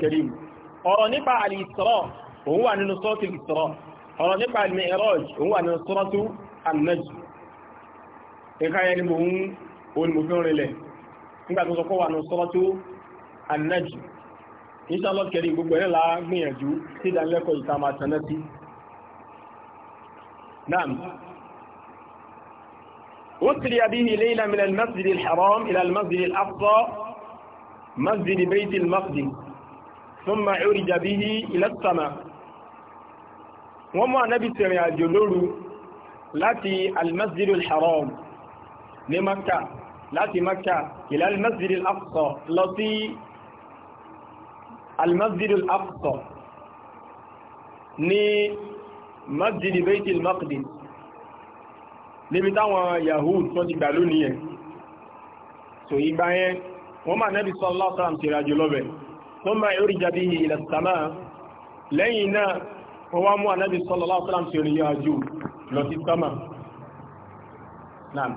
ọ̀rọ̀ nípa al òun wà nínú sọ́tù al-Isra ọ̀rọ̀ nípa al òun wà nínú ni mo ń nígbàtí ó sọ inshallah kẹrí gbogbo ẹ̀ la gbìyànjú sí ìdánilẹ́kọ̀ọ́ ìta máa tanná sí náà وسري به ليلة من المسجد الحرام إلى المسجد الأقصى مسجد بيت المقدس ثم عرج به إلى السماء wọ́n mú ànábì tẹ̀rìn àjò lóru láti almasjidu al-haram ní makka láti makka ilal masjidu al lọ sí almasjidul aqsa ní masjid baitul maqdis níbi táwọn yahud tó ti gbà lónìí yẹn so ìgbà yẹn wọ́n máa nẹ́bí sallallahu alaihi wasallam ti rajò lọ́bẹ̀ tó máa orí jáde ila sama lẹ́yìn náà wọ́n wá mú ànábì sallallahu alaihi wasallam ti rìn yàjú lọ sí sama náà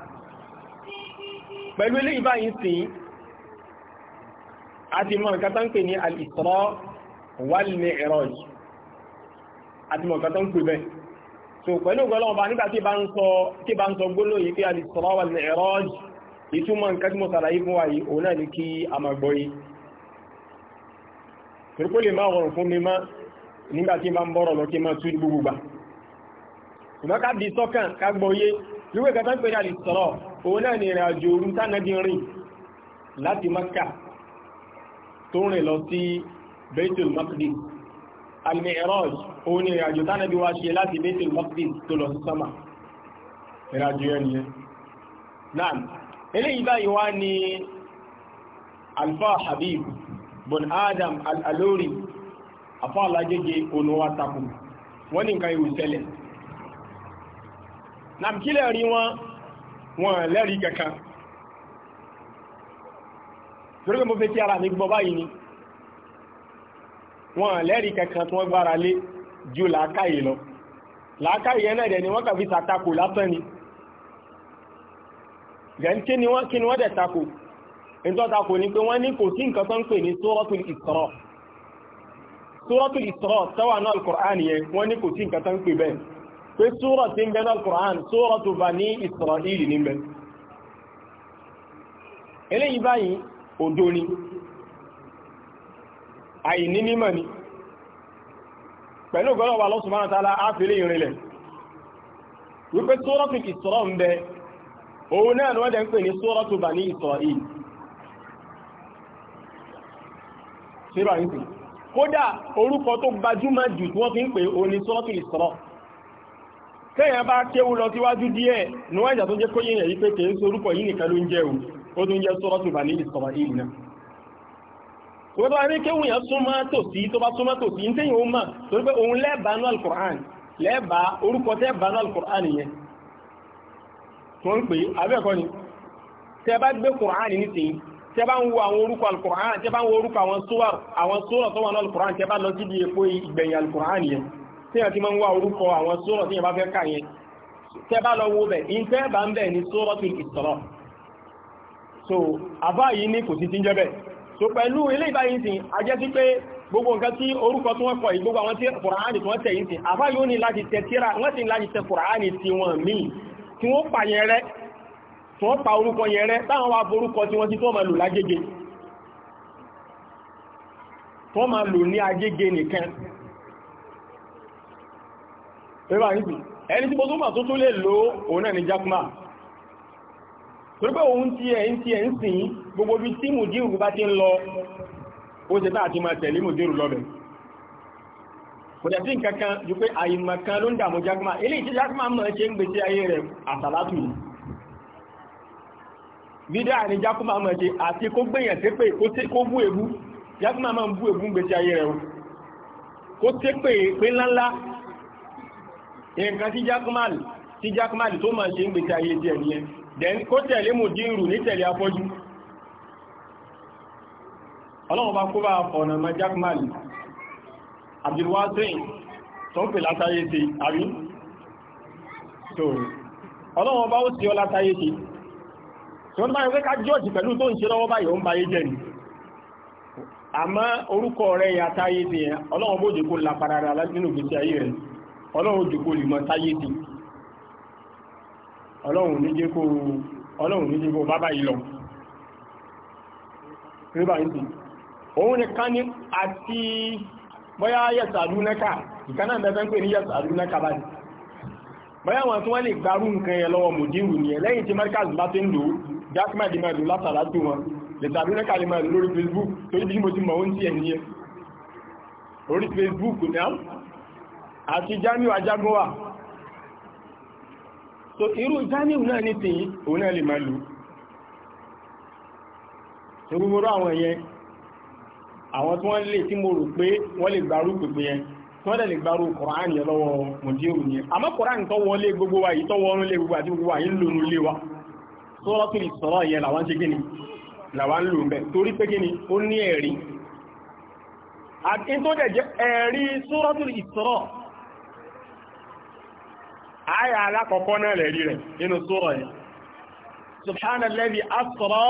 pẹ̀lú ilé ìbáyìí sìn àti mọ̀ nǹkan tó ń pè ní al-Isra wal-Mi'raj àti mọ̀ nǹkan tó ń pè bẹ́ẹ̀ so pẹ̀lú ọgọ́lọ́wọ́ bá nígbà tí bá ń sọ gbóló yìí pé al-Isra wal-Mi'raj ìtumọ̀ nǹkan tí mo sàlàyé fún wa yìí òun náà ní kí a máa gbọ́ yìí torípò lè máa rọrùn fún mi má nígbà tí bá ń bọ́rọ̀ lọ láti Mákà tó rìn lọ sí Baitul Maqdis al-Mi'raj òun ni ìrìnàjò tánàbí wá ṣe láti Baitul Maqdis tó lọ sí sánmà ìrìnàjò yẹn nìyẹn náà eléyìí báyìí wá ní alfa Habib bin Adam al-Alori afọ́ alágége olówá takù wọ́n nǹkan ìwò ìṣẹ̀lẹ̀ nàmkílẹ̀ rí wọn wọn lẹ́rìí kankan torí pé mo fẹ́ tí ara mi gbọ́ báyìí ni wọn lẹ́rìí kankan tí wọ́n gbára lé ju làákàyè lọ làákàyè yẹn náà dẹ̀ ni wọ́n kàn fi sàtakò lásán ni gẹ̀ẹ́n kí ni wọ́n kí ni wọ́n dẹ̀ takò ìtọ́ takò ni pé wọ́n ní kò sí nǹkan tó ń pè ní suratul Isra suratul Isra tọ́wà náà al-Qur'an yẹn wọ́n ní kò sí nǹkan tó ń pè bẹ́ẹ̀ pé sura tí ń bẹ náà al-Qur'an suratu Bani Isra'il ní bẹ́ẹ̀ eléyìí báyìí odó ni àìní mímọ̀ ni pẹ̀lú ọgọ́lọ́wà Allah subhanahu wa ta'ala áfẹ́lẹ́ ìrìnlẹ̀ wípé sórọ́tù Isra ń bẹ òun náà ni wọ́n jẹ́ ń pè ní sórọ́tù Bani Isra'il síra ń pè kódà orúkọ tó gbajúmọ̀ jù tí wọ́n fi ń pè òun ni sórọ́tù Isra kéèyàn bá kéwú lọ síwájú díẹ̀ níwọ̀n ìjà tó jẹ́ kóyè yẹ̀ pé kèé sorúkọ yìí nìkan ló ń jẹ́ òun ó tún jẹ́ sọ́rọ́tù bani Isra'il náà wọ́n tó wá ní kéwùn yẹn súnmọ́ tòsí tó bá súnmọ́ tòsí ní tẹ́yìn òun mà torí pé òun lẹ́ẹ̀bánú alukur'an lẹ́ẹ̀bá orúkọ ń wo àwọn orúkọ alukur'an tẹ́ ń wo orúkọ àwọn sura tó wà ní alukur'an tẹ́ lọ sí ibi èpo ìgbẹ̀yìn alukur'an yẹn tẹ́yìn ti máa ń wo orúkọ àwọn sura tẹ́yìn bá fẹ́ ká yẹn tẹ́ lọ wo bẹ̀ so àbá yìí ní kò sí ti ń jẹ́ bẹ́ẹ̀ so pẹ̀lú ilé ìbáyìí sìn ajẹ́ sí pé gbogbo nǹkan tí orúkọ tí wọ́n kọ yìí gbogbo àwọn tí fùràánì tí wọ́n tẹ̀ yìí sìn àbá yóò ní láti tẹ tíra wọ́n sì ní láti tẹ fùràánì tí wọ́n míì tí wọ́n pa yẹn rẹ́ tí wọ́n pa orúkọ yẹn rẹ́ táwọn wá borúkọ tí wọ́n ti tó máa lò lágége tó máa lò ní agége nìkan ẹni tí mo tó mà tó tó lè lò òun náà ní jákùmá torí pé òun ti ẹ̀ ń ti ẹ̀ ń sìn gbogbo bí tí mùdírù bá ti ń lọ ó ṣe táà ti máa tẹ̀lé mùdírù lọ́bẹ̀ kò dẹ̀ sí nǹkan ju pé àìmọ̀ ló ń dààmú jákúmá eléyìí tí jákúmá mọ̀ ṣe ń gbèsè ayé rẹ̀ àsàlátù yìí bídá ni jákúmá mọ̀ ṣe àti kó gbèyàn sí pé kó bú èbú jákúmá mọ̀ ń bú èbú ń gbèsè ayé rẹ̀ o kó tẹ́ pé pé ńláńlá nǹkan tí jákúmá tó mọ̀ ṣe ń gbèsè ayé tiẹ̀ nìyẹn Den kó tẹ̀lé mùdírù ní tẹ̀lé afọ́jú ọlọ́run bá kó bá ọ̀nà ma Jack Mali Abdulwasin tó ń pè látayé sí àrí tó ọlọ́run bá ó sí ọ látayé sí tí wọ́n báyìí pé ká pẹ̀lú tó ń ṣe lọ́wọ́ báyìí ó ń bayé jẹ́ ni orúkọ rẹ̀ ya táyé sí ọlọ́run bó jẹ́ kó lápadára nínú ìgbésí ayé rẹ̀ ọlọ́run jẹ́ kó lè mọ táyé sí ọlọ́run ní jẹ́ kó bá báyìí lọ ríbà ní òun ni ká ní àti bọ́yá yẹ̀sà lúnẹ́kà ìkaná mẹ́fẹ́ ń pè ní yẹ̀sà lúnẹ́kà báyìí bọ́yá wọn tí wọ́n lè gbárù nǹkan yẹ lọ́wọ́ mùdírù ni ẹ̀ lẹ́yìn tí markaz bá ti ń lò jákmà di mẹ́rin látara tó wọn yẹ̀sà lúnẹ́kà lè mẹ́rin lórí facebook torí bí mo ti mọ̀ ó ń tiẹ̀ ní ẹ orí facebook náà àti jamiu ajagunwa so irú jamiu náà ní tìyí òun náà lè máa lù so gbogbo àwọn yẹn àwọn tí wọ́n lè tí mo rò pé wọ́n lè gbarú pèpè yẹn tí wọ́n lè gbarú koran yẹn lọ́wọ́ mọ̀díẹ̀rù yẹn àmọ́ koran tó wọlé gbogbo wa yìí tó wọ́n lè gbogbo àti gbogbo àyín àyà alákọ̀ọ́kọ́ náà lẹ̀rí rẹ̀ nínú sura yìí subhanalladhi asra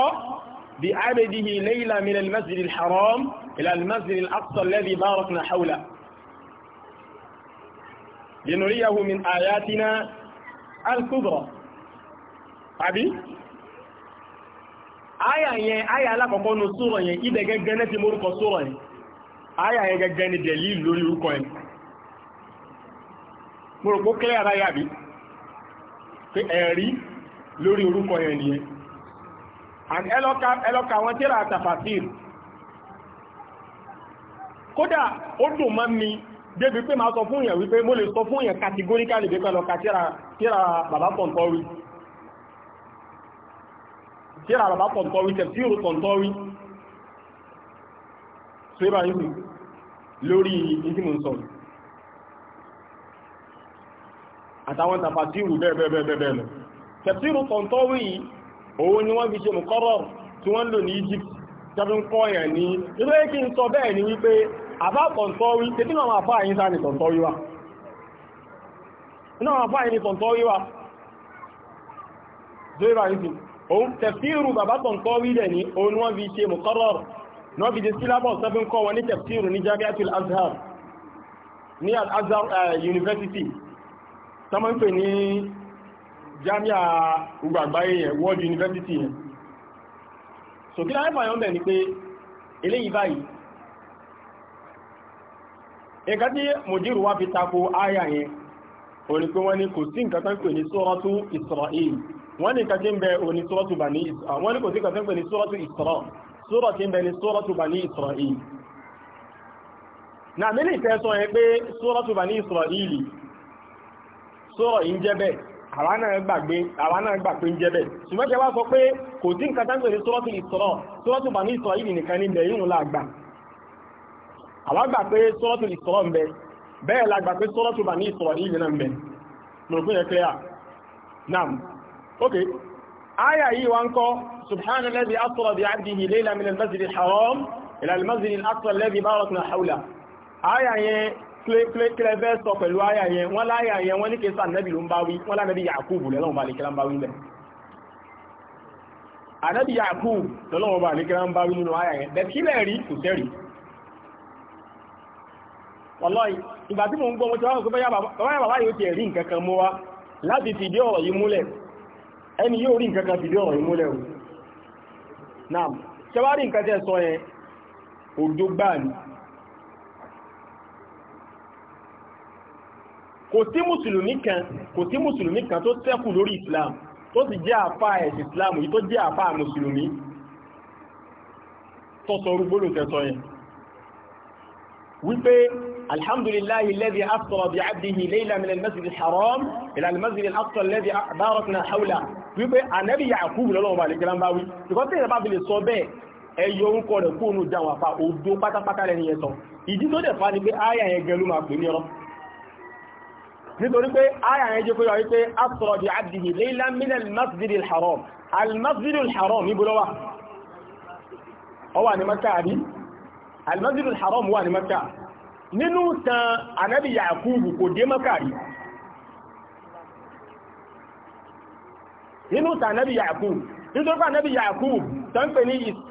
bi abdihi layla min al-masjid al-haram ila al-masjid al-aqsa alladhi barakna hawla linuriyahu min ayatina al-kubra àbí àyà yẹn àyà alákọ̀ọ́kọ́ nínú sura yẹn ibẹ̀ gẹ́gẹ́ mo rò pó kílẹ̀ ara yàbí pé ẹ̀rí lórí orúkọ yẹn nìyẹn and ẹlọ́ka àwọn tíra àtàfàfíìr kódà ó dùn mọ́ mi débi pé máa sọ fún yẹn wípé mo lè sọ fún yẹn kàtígóríkàlì bí pẹ̀lọ́ka tíra bàbá pọ̀ntọ́rí tíra bàbá pọ̀ntọ́rí tẹ̀síìrù pọ̀ntọ́rí tí ó bá yìí lórí ìdí mò ń sọ̀rọ̀ àtàwọn tàfàtírù bẹ́ẹ̀bẹ́ẹ̀bẹ́ẹ̀ lọ tẹ̀sírù kọ̀ntọ́wì yìí òun ni wọ́n fi ṣe mùkọ́rọ̀ tí wọ́n lò ní Egypt tẹ́bí ń kọ́ yẹn ní ilé kí n sọ bẹ́ẹ̀ ni wípé àbá kọ̀ntọ́wì tẹ́bí náà máa fáà yín sáà ní kọ̀ntọ́wì wa náà máa fáà yín ní kọ̀ntọ́wì wa zóyìnbá yìí sì òun tẹ̀sírù bàbá kọ̀ntọ́wì dẹ̀ ni òun ni wọ́n fi ṣe mùkọ́rọ̀ náà fi ṣe sílábọ̀ tẹ́bí ń kọ́ wọn ní tẹ̀sírù ní Jamiatul Azhar ní Al-Azhar eh, University tọ́mọ́ ń pè ní jamia gbogbo yẹn world university yẹn so kí láyé fàyọ́ bẹ̀ ni pé eléyìí báyìí nǹkan tí mojiru wá fi tako àyà yẹn òun ni pé wọ́n ní kò sí nǹkan tó ń pè ní suratu Isra'il wọ́n ní nǹkan tí ń bẹ òun ni suratu Bani Isra'il wọ́n ní kò sí nǹkan tó ń ní suratu sọ yẹn pé suratu Bani Isra'il sọ̀rọ̀ yìí ń jẹ́ bẹ́ẹ̀ àwa náà gbàgbé àwa náà gbàgbé ń jẹ́ bẹ́ẹ̀ ṣùgbọ́n kí wá sọ pé kò sí nǹkan táǹgbè ní sọ́rọ́ tìlì sọ̀rọ̀ sọ́rọ́ tó bà ní ìsọ̀rọ̀ yìí nìkan níbẹ̀ yìí ń la àwa gbà pé sọ́rọ́ tìlì sọ̀rọ̀ ń bẹ bẹ́ẹ̀ la gbà pé sọ́rọ́ tó bà ní ìsọ̀rọ̀ yìí nìkan níbẹ̀ mo fún yẹn clear nam ok aya yìí wá ń kọ́ subhana lẹ́bi asọ̀rọ̀ bí abdihi layla min al-masjid haram ila al-masjid al-aqsa lẹ́bi hawla aya yẹn kílẹ̀ fẹ́ sọ pẹ̀lú àyà yẹn wọ́n láyà yẹn wọ́n ní kéṣà nẹ́bì ló ń bá wí wọ́n lánàbí Yakubu lọ́lọ́wọ́ bá nìkílá ń bá wí lẹ̀ ànẹ́bì Yakubu lọ́lọ́wọ́ bá nìkílá ń bá wí nínú àyà yẹn bẹ̀ẹ̀ kílẹ̀ rí kò tẹ́rì wọ́lọ́ì ìgbà tí mo ń gbọ́ mo ti wá sọ pé báyà bàbá yóò ti rí nǹkan kò sí mùsùlùmí kan kò sí mùsùlùmí kan tó ṣẹ́kù lórí islam tó sì jẹ́ àfá ẹ̀sì islam yìí tó jẹ́ àfá mùsùlùmí tọ́sọ orúgbólò tẹ́sọ yẹn wípé alhamdulillahi alladhi asra bi abdihi laylan min al haram ila al-masjid al-aqsa alladhi wípé ànábì yàkúbù lọ́lọ́wọ́ bá lè gẹ́lá ń ṣùgbọ́n tí ìrẹ́bá fi lè sọ bẹ́ẹ̀ ẹyọ orúkọ rẹ̀ kóònù jáwọn àfà òdo pátápátá lẹ́ni yẹn sọ ìdí tó dẹ̀ fa ni pé áyà yẹn gẹlú máa pè ní ọ̀rọ̀ nítorí pé ayà yẹn jẹ́ pé wáyé pé asra bi abdihi laylan min al-masjid al-haram al-masjid al-haram níbo ló wà ó wà ní Mẹ́kà àbí al-masjid al-haram wà ní Mẹ́kà nínú tan anabi Yakubu kò dé Mẹ́kà rí nínú tan anabi Yakubu nítorí pé anabi Yakubu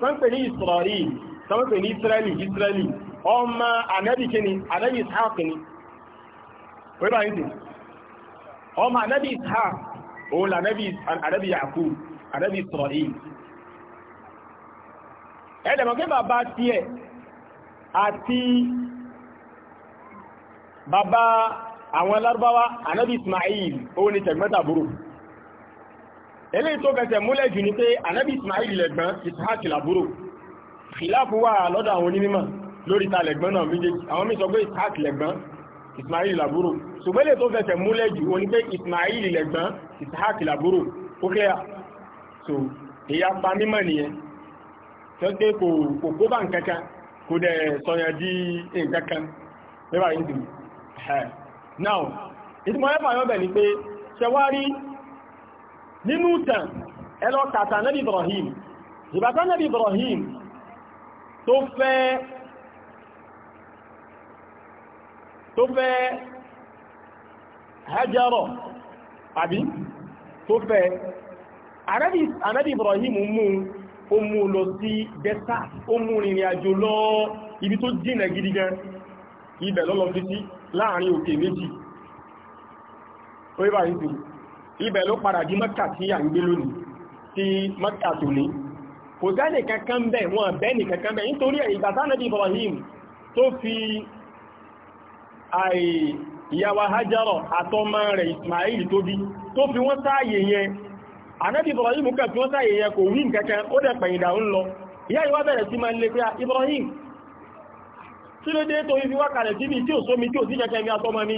tánpẹ̀ Israeli tánpẹ̀ Israeli ọmọ anabi kini anabi Ishaq ni pé báyìí nì ọmọ ànábì ìta òun là ànábì yàkú ànábì sọ̀rọ̀ yìí ẹ̀dẹ̀mọ̀ pé bàbá tiẹ̀ àti bàbá àwọn lárúbáwá ànábì Ismail òun ni tẹ̀gbẹ́tàbúrò eléyìí tó fẹsẹ̀ múlẹ̀ jù ní pé ànábì Ismail lẹ̀gbọ́n Ishaq làbúrò khilafu wà lọ́dọ̀ àwọn onímọ̀ lórí ta lẹ̀gbọ́n náà méjèèjì àwọn mí sọ pé Ishaq lẹ̀gbọ́n ismail laburo ṣùgbọ́n lè tó fẹsẹ̀ múlẹ̀ jù wọ́n ní pé ismail lẹ́gbọ́n ishaq laburo ó kẹ́yà so ìyá pa mímọ̀ nìyẹn tó dé kò kó bá nǹkan kan kò dẹ̀ sọyàn di nǹkan now ìtumọ̀ ẹ̀fà yọ bẹ̀ ni pé ṣẹwárí nínú tàn ẹlọ́kàtà nabi ibrahim ìbátan nabi ibrahim tó fẹ́ tó fẹ́ hajjarọ̀ àbí tó fẹ́ anábì Ibrahim mú o mú lọ sí dẹ́sà o mú rìnrìn àjò lọ ibi tó jìnà gidi gan ibẹ̀ lọ́lọ́ fi sí láàrin òkè méjì tó ibà ìsìn ibẹ̀ ló padà di Mẹ́kà tí à ń gbé lónìí tí Mẹ́kà tó ní kò jáde kankan bẹ̀ wọn bẹ́ẹ̀ kankan bẹ̀ nítorí ẹ̀ ìgbà Ibrahim tó fi àì ìyàwó hajjarọ̀ àtọmọ rẹ̀ ismail tó bí tó fi wọ́n sáàyè yẹn anábì ibrahim kẹ́ fi wọ́n sáàyè yẹn kò wí nkẹ́kẹ́ ó dẹ̀ pẹ̀yìndà ń lọ ìyá ìwá bẹ̀rẹ̀ sí máa ń pé ibrahim kí ló dé tó fi wákàlẹ̀ síbi tí ò sómi tí ò sí kẹ́kẹ́ mi àtọmọ mi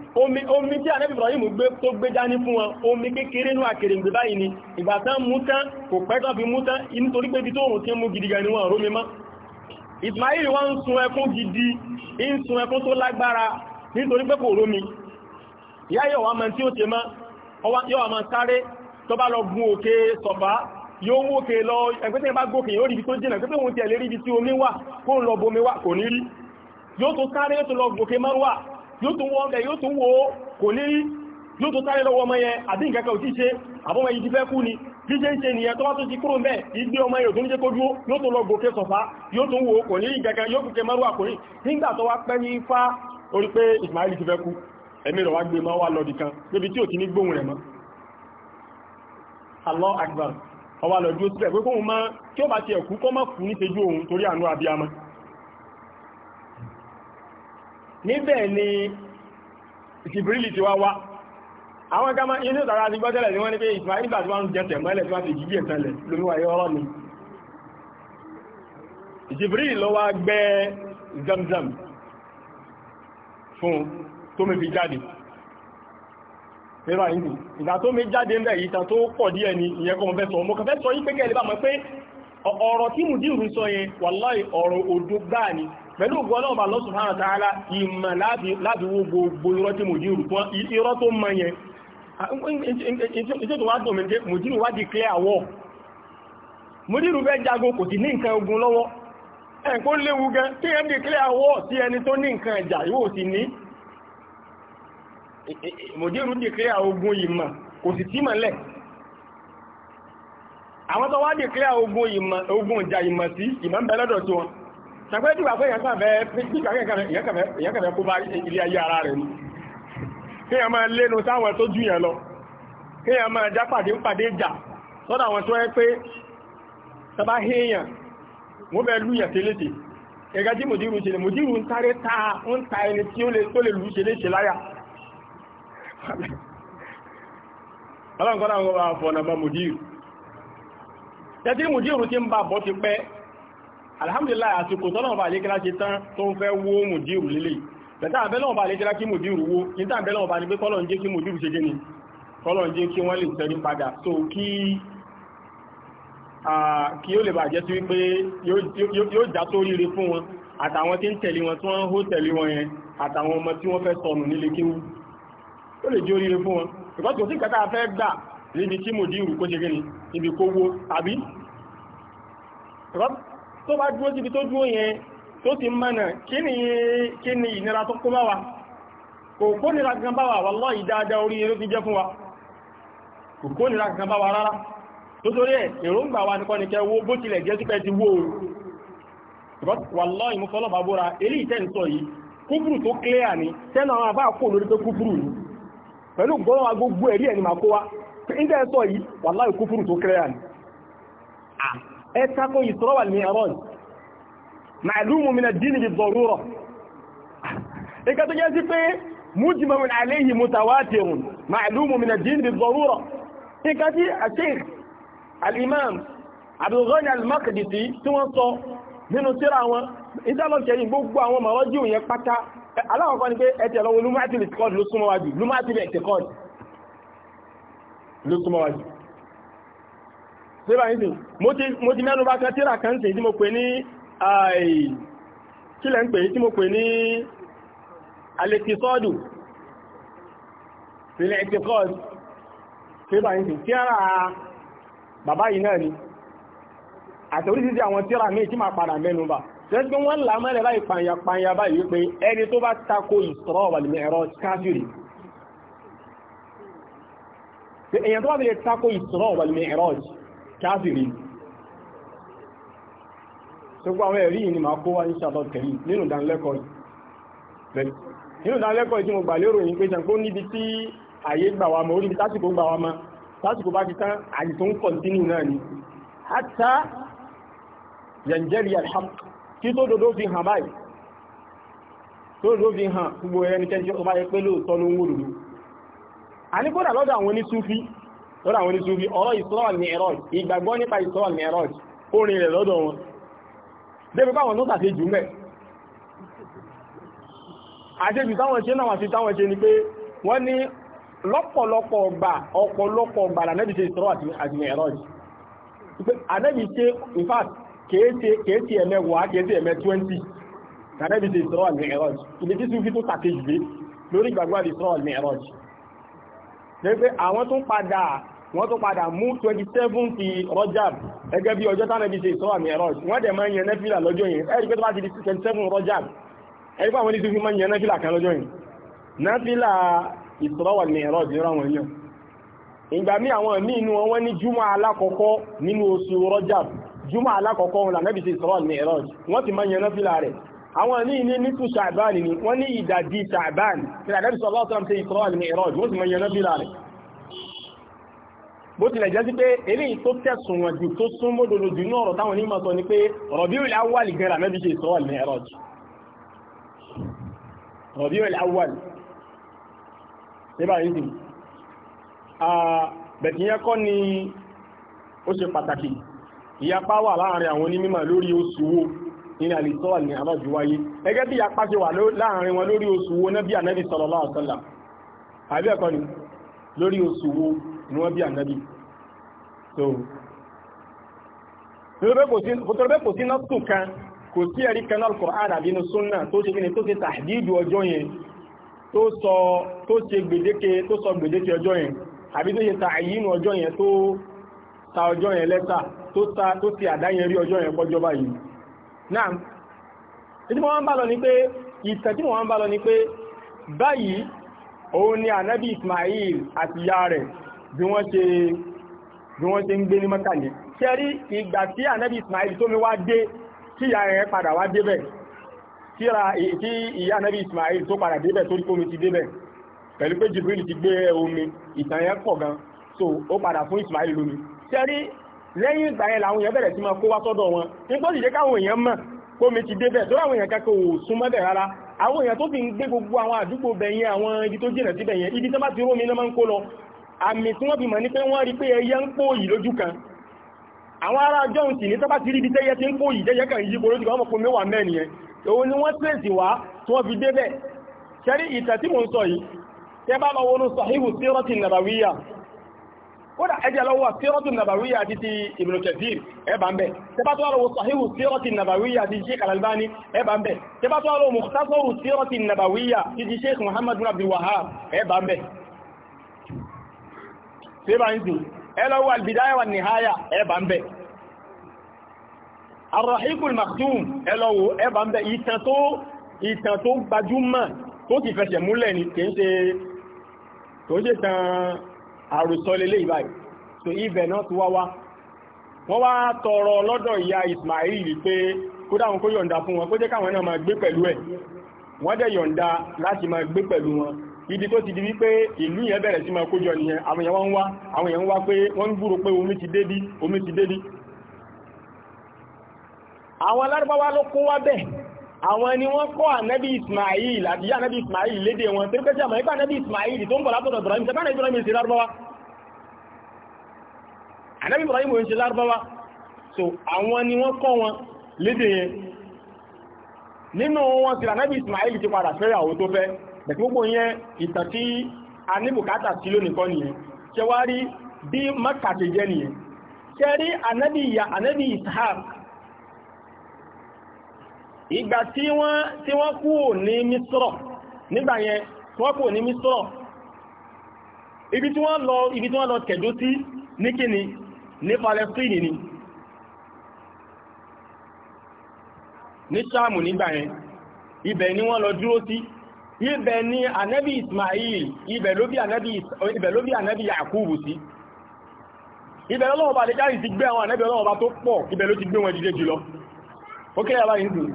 omi omi tí ànábì Ibrahim gbé tó gbé dání fún wọn omi kékeré ní àkèrègbè báyìí ni ìgbà tán mú tán kò pẹ́ tán fi mú tán nítorí pé ibi tó òun tí mú gidi gan ni wọn rómi mọ́ Ismail wọ́n ń sun ẹkún gidi ń sun ẹkún tó lágbára nítorí pé kò rómi ìyá yóò wá mọ tí ó ṣe mọ́ yóò wá mọ sáré tó bá lọ gun òkè sọ̀fà yóò wókè lọ ẹgbẹ́ tí ẹ bá gòkè yóò rí tó jìnà pé òun ti ẹ̀lérí ibi tí omi wà kó ń lọ bomi wà kò ní rí yóò tó sáré yóò tó lọ gòkè márùwà yóò tún wọ́n bẹ̀ yóò tún wo kò ní rí yóò tún sáré lọ́wọ́ ọmọ yẹn àbí nkẹ́kẹ́ òtí ṣe ti fẹ́ kú ni bí ṣe ń ṣe nìyẹn tó bá tó ti kúrò mẹ́ ìgbé ọmọ yóò tún jẹ́ kó dúró yóò tún lọ gòkè sọ̀fá yóò tún wo kò ní e Allah Akbar ọwá lọ́dún ó ti pẹ̀ pé kóhun máa tí ó bá ti níbẹ̀ ni ìsìbìrìlì ti wá wá àwọn kama inú tàrà ti gbọ́tẹ̀lẹ̀ ni wọ́n ní pé ìsìmáìlì bá ti wá ń jẹtẹ̀ mọ́lẹ̀ tí wọ́n ti jíjẹ̀ tẹ́lẹ̀ lóríwà yọ́rọ̀ ni ìsìbìrìlì lọ wá gbẹ́ zamzam fún tó mi fi jáde pẹ̀lú àyíkù ìgbà tó mi jáde ń bẹ̀ yìí ta tó pọ̀ díẹ̀ ni ìyẹn kọ́ mọ́ fẹ́ sọ mọ́ kàn fẹ́ ọ̀rọ̀ tí mùdírù sọ yẹn wàláì ọ̀rọ̀ òdó gbáà ni pẹ̀lú ògbọ́ náà bá lọ́sùn hàn tààlà ìmọ̀ láti gbogbo irọ́ tí mùdírù fún irọ́ tó mọ yẹn ìṣètò wá dùn wá di clear wọ́ fẹ́ kò sí ní ogun lọ́wọ́ ẹ̀kọ́ léwu gan kí ẹ di clear wọ́ sí ẹni tó ní nǹkan ẹ̀jà yóò sì ní ogun ìmọ̀ kò sì tí àwọn tó wá dìklẹ́ ogun ìjà ìmọ̀ sí ìmọ̀ ń bẹ lọ́dọ̀ tí wọn ṣàpẹ́ tí wà pé ìyẹ́kàfẹ́ kó bá ilé ayé ara rẹ̀ ní kí a máa lénu sáwọn tó jù yẹn a máa já pàdé pàdé jà sọ́dọ̀ àwọn tó ẹ pé sọba héèyàn wọ́n bẹ lú yẹn tẹ́lẹ̀tẹ̀ gẹ́gẹ́ tí mòdìrú ṣe lè mòdìrú ń sáré ta ń ta ẹni tí ó lè tó lè lù ṣe léṣe láyà ọlọ́nkọ́dà wọn bá fọ̀nà bá mòdìrú tẹ́tí mùdírù ti ń bá bọ́ ti pẹ́ alhamdulillah àsìkò tọ́lọ́wọ́ bá lékẹ́lá ṣe tán tó ń fẹ́ wó mùdírù lílé tẹ́tà àbẹ́lọ́wọ́ bá lékẹ́lá kí mùdírù wó níta àbẹ́lọ́wọ́ bá ní pé kọ́lọ̀ ń jẹ́ kí mùdírù ṣe gẹ́ni kọ́lọ̀ ń jẹ́ kí wọ́n lè tẹ́rí padà so kí kí ó lè bàjẹ́ sí wípé yóò já tó ríire fún wọn àtàwọn tí ń tẹ̀lé wọn tí wọ́n ń hó tẹ̀lé wọn yẹn àtàwọn ọmọ tí wọ́n fẹ́ sọnù nílé kíwú ó lè jó ríire fún wọn ìgbọ́n tó sí kẹta fẹ́ gbà níbi tí mo dírù kó ṣe gẹ́ni níbi kó wó àbí tó bá dúró síbi tó dúró yẹn tó ti mọ́nà kí ni ìnira tó kó bá wa kò kó nira kan bá wa wallahi dáadáa orí yẹn ti jẹ́ fún wa kò kó nira kan bá wa rárá tó torí ẹ̀ èròǹgbà wa nìkan ni kẹ́ wó bó tilẹ̀ jẹ́ sípẹ́ ti wó o wallahi mo fọlọ́ bàbúra eléyìí tẹ́ ń ni tẹ́nà àwọn àbá kò lórí pé kúfùrù ni pẹ̀lú gbọ́nà gbogbo ẹ̀rí ẹ̀ ni màá pé ń tẹ́ sọ yìí wàláhì kúfùrù tó kẹ́rẹ́ àní ẹ tako Isra wal Mi'raj ma'lumun min ad-din bi-d-darura ìkà tó jẹ́ sí pé mujmamun alayhi mutawatirun ma'lumun min ad-din bi-d-darura ìkà tí Sheikh al-Imam Abdul Ghani al-Maqdisi tí wọ́n sọ nínú ló súnmọ́ wájú síbà ní sìn mo ti mẹ́nu bá kan tíra kan sìn tí mo pè ní kílẹ̀ ń pè tí mo pè ní alẹ́tìsọ́dù sílẹ̀ ẹ̀tìkọ́ọ̀dù síbà ní sìn tíra bàbá yìí náà ni àti oríṣiríṣi àwọn tíra míì tí máa padà mẹ́nu bà tẹ́sí wọ́n là mẹ́rẹ̀ láì pàyàpàyà báyìí pé ẹni tó bá tako ìsọ̀rọ̀ wàlùmẹ̀ ẹ̀rọ káfíìrì èyàn tó wà nílé tako Isra wal Mi'raj káfìrí ṣogbọ́ àwọn ẹ̀rí ni máa kó wá ní ṣàtọ̀ tẹ̀lé nínú ìdánilẹ́kọ̀ọ́ nínú ìdánilẹ́kọ̀ọ́ tí mo gbà lérò ní pé ṣàǹkó níbi tí àyè gbà wá mọ́ oríbi tásìkò gbà wá mọ́ tásìkò bá ti tán àyè tó ń dodo fi hàn dodo fi hàn gbogbo ẹnikẹ́ni tó bá yẹ pé lóòótọ́ ló ń àní kódà lọ́dọ̀ àwọn onísúfí lọ́dọ̀ àwọn onísúfí ọ̀rọ̀ Isra wal Mi'raj ìgbàgbọ́ nípa Isra wal Mi'raj orin rẹ̀ lọ́dọ̀ wọn débi báwọn tó tàṣe jù mẹ́ àṣejù táwọn ṣe náà àti táwọn ṣe ni pé wọ́n ní lọ́pọ̀lọpọ̀ gbà ọ̀pọ̀lọpọ̀ gbà lànẹ́bì ṣe Isra àti Mi'raj ànẹ́bì ṣe in fact kèétì ẹ̀mẹ́wàá kèétì ẹ̀mẹ́ 20 lànẹ́bì ṣe Isra wal Mi'raj ìdí tí Sufi tó tàṣe jù lórí ìgbàgbọ́ àti Isra wal Mi'raj pé àwọn tún padà wọ́n tún padà mú 27 ti Rajab gẹ́gẹ́ bí ọjọ́ tánàbí ṣe ìsọ́wà mi ẹ̀rọ wọ́n dẹ̀ máa ń yẹn nẹ́fìlà lọ́jọ́ yìí ẹ̀rí pé tó bá ti di 27 Rajab ẹ̀rí pé àwọn oníṣẹ́ fi máa ń yẹn nẹ́fìlà kan lọ́jọ́ yìí nẹ́fìlà ìsọ́wà mi ẹ̀rọ ìdíra wọn yàn ìgbà mí àwọn míì inú wọn ní júmọ́ alákọ̀ọ́kọ́ nínú oṣù Rajab júmọ́ alákọ̀ọ́kọ́ wọn lànàbí ṣe ìsọ́wà mi ẹ̀rọ wọ́n ti máa ń yẹn nẹ́fìlà rẹ̀ àwọn ní ilé nítù ṣàbáni ni wọ́n ní ìdàdí ṣàbáni tí àdábì sallallahu alaihi wasallam ṣe ìkọ́rọ̀ àlìmì ìrọ̀jù ó sì mọ̀ yẹn lọ́bìnrin rẹ̀ bó tilẹ̀ jẹ́ sí pé eléyìí tó tẹ̀sùn wọn jù tó sún mọ́dọ̀dọ̀ jù ní ọ̀rọ̀ táwọn onímọ̀ sọ ni pé Rabiul Awwal gẹ̀rà mẹ́bí ṣe ìkọ́rọ̀ àlìmì ìrọ̀jù Rabiul Awwal nígbà yìí sì bẹ̀tìyẹn kọ́ ni ó ṣe pàtàkì ìyapa wà láàrin àwọn onímọ̀ lórí oṣù wo nínú àlìsọ́ ní àbájú wáyé ẹgẹ́ bí apá ṣe wà láàrin wọn lórí oṣù wo náà bí ànábì sallallahu alaihi wasallam àbí ẹ̀kọ́ ni lórí oṣù wo ni wọ́n bí ànábì so nítorí kò sí nọ́ọ̀tù kan kò sí ẹ̀rí kan náà Kùránì àbí inú súnà tó ṣe kíni tó ṣe tàdídù ọjọ́ yẹn tó sọ tó ṣe gbèdéke tó sọ gbèdéke ọjọ́ yẹn àbí tó ṣe tààyínú ọjọ́ yẹn tó ta ọjọ́ yẹn lẹ́tà tó ti àdá ọjọ́ yẹn pọ́jọ́ báyìí náà ìdí mo wọ́n bá lọ ní pé ìtàn tí mo wọ́n bá lọ ní pé báyìí òun ni ànábì Ismail àti ìyá rẹ̀ bí wọ́n ṣe bí wọ́n ṣe ń gbé ní mọ́kànlé ṣẹ́rí ìgbà tí ànábì Ismail tó mi wá dé tí ìyá rẹ̀ padà wá débẹ̀ tí ìyá ànábì Ismail tó padà débẹ̀ torí kómi ti débẹ̀ pẹ̀lú pé Jibril ti gbé omi ìtàn yẹn pọ̀ gan so ó padà fún Ismail lómi ṣẹ́rí lẹ́yìn ìgbà yẹn làwọn èèyàn bẹ̀rẹ̀ sí máa kó wá sọ́dọ̀ wọn nítorí ìdíje káwọn èèyàn mọ̀ kó mi ti débẹ̀ tó láwọn èèyàn kankan ò súnmọ́ bẹ̀ rárá àwọn èèyàn tó fi ń gbé gbogbo àwọn àdúgbò bẹ̀yẹn àwọn ibi tó jìnà síbẹ̀ yẹn ibi tó bá ti rómi náà máa ń kó lọ àmì tí wọ́n fi mọ̀ ní pé wọ́n rí pé ẹyẹ ń pò yìí lójú kan àwọn ará ń sọ bá kódà ẹjẹ́ lọ́wọ́ sírọ́tù nàbàwíyà àti ti Ibn Kathir ẹbà ń bẹ̀ tẹbátọ́ lọ́wọ́ sahihu sírọ́tù nàbàwíyà àti Sheikh Al-Albani ẹbà ń bẹ̀ tẹbátọ́ lọ́wọ́ mukhtasaru sírọ́tù nàbàwíyà àti ti Sheikh Muhammad bin Abdul Wahhab ẹbà ń bẹ̀ sẹ́bà ń sìn ẹ lọ́wọ́ al-Bidaya wa Nihaya ẹbà ń àròsọ lélẹ̀ ìbáyìí so ibẹ̀ náà ti wá wá wọ́n wá tọrọ lọ́dọ̀ ìyá Ismail pé kódà wọn kó yọ̀ǹda fún wọn kó jẹ́ káwọn náà máa gbé pẹ̀lú ẹ̀ wọ́n dẹ̀ yọ̀ǹda láti máa gbé pẹ̀lú wọn ibi tó ti di wípé ìlú yẹn bẹ̀rẹ̀ sí máa kójọ nìyẹn àwọn èèyàn wọ́n wá àwọn èèyàn wá pé wọ́n ń gbúrò pé omi ti débí omi ti débí àwọn alárúbáwá ló kó wá bẹ́ẹ̀ àwọn ni wọ́n kọ́ ànábì Ismail àti yá Ismail lédè wọn tí ó kẹ́ sí àmọ́ ipá ànábì Ismail tó ń bọ̀ látọ̀dọ̀ Ibrahim sẹ́bá ànábì Ibrahim ṣe lárúbáwá ànábì Ibrahim ṣe lárúbáwá so àwọn ni wọ́n kọ́ wọn lédè yẹn nínú wọn sí ànábì Ismail ti padà fẹ́ àwọn tó fẹ́ bẹ̀tí gbogbo yẹn ìtàn tí a ní bùkátà ìgbà tí wọ́n kú ní mísírọ̀ nígbà yẹn tí wọ́n kú ní mísírọ̀ ibi tí wọ́n lọ ibi tí wọ́n lọ tẹ̀dó sí ní kíni ní Palestine ni ní sáàmù nígbà yẹn ibẹ̀ ni wọ́n lọ dúró sí ibẹ̀ ni ànábì Ismail ibẹ̀ ló bí ànábì Yakubu sí ibẹ̀ lọ́wọ́ bá lè jáde ti gbé àwọn ànábì ọlọ́wọ́ bá tó pọ̀ ibẹ̀ ló ti gbé wọn dìde jùlọ ó àbáyé ń dùn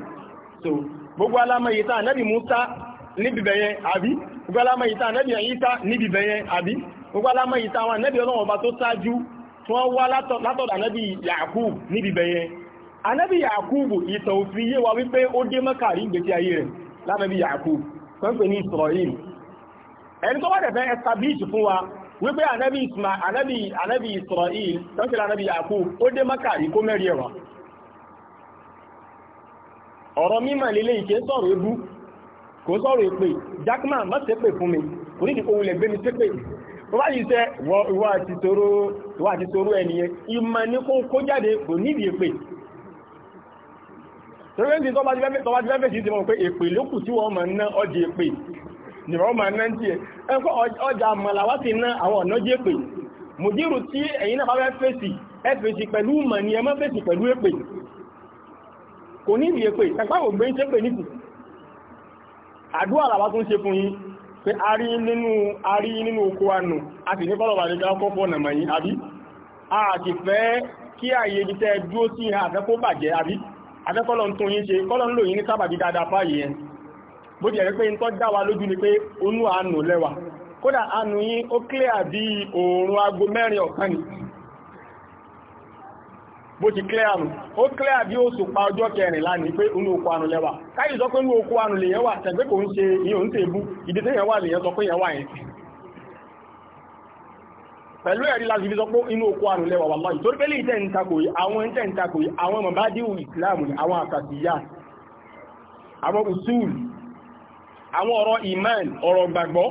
so gbogbo alámọ̀yí tá ànábì Musa níbi bẹ̀yẹn àbí gbogbo alámọ̀yí tá ànábì Ìsá níbi bẹ̀yẹn àbí gbogbo alámọ̀yí tá àwọn ànábì Ọlọ́run ọba tó ṣáájú tí wọ́n wá látọ̀dọ̀ ànábì Yakub níbi bẹ̀yẹn ànábì Yakub ìtàn òfin yé wa wípé ó dé mọ́kàrí ìgbésí ayé rẹ̀ lánàbì Yakub tó ń pè ní Israel ẹni tó wá dẹ̀ fẹ́ establish fún wa wípé ànábì Ismail ànábì ànábì Israel tó ń pè lánàbì Yakub ó dé mọ́kàrí kó mẹ́rin ẹ̀wà ọ̀rọ̀ mímọ̀ lílé ike sọ̀rọ̀ ebú kò sọ̀rọ̀ ìpè jackman má ṣe pè fún mi kò ní ìkó wulẹ̀ gbé mi ṣe pè tó bá yìí àti toro àti toro ẹnìyẹn ìmọ̀ ní kó kó jáde kò torí ẹni ọjà ni wọ́n ná ń tiẹ̀ ọjà àmàlà wá ná àwọn ọ̀nà jẹ́ mùdírù tí kò ní ìdíye pé ìtẹ́páwò gbé ń ṣe pé nìkù àdúrà làwá tó ń ṣe fún yín pé a rí nínú a rí nínú oko anù a sì ní kọ́lọ̀wà ní káàkọ́ fọ́ ọ̀nà mọ̀yí àbí a ti fẹ́ kí àyè jíṣẹ́ dúó sí ìhà àfẹ́kọ́ bàjẹ́ àbí afẹ́kọ́lọ̀ ń tún yín ṣe kọ́lọ̀ ń lò yín ní sábàbí dáadáa fáyé yẹn bó ti clear àrùn ó clear bí ó sùpa ọjọ́ kẹrìnlá ní pé inú oko àrùn lẹ́wà káyì sọ pé inú oko àrùn lèyẹn wà tẹ̀gbẹ́ kò ń ṣe ń ìdí wà sọ pé yẹn wà yẹn pẹ̀lú ẹ̀rí láti fi sọ pé inú oko lẹ́wà wà torí lè takò yìí àwọn ń takò yìí àwọn ọmọ usul àwọn ọ̀rọ̀ iman ọ̀rọ̀ gbàgbọ́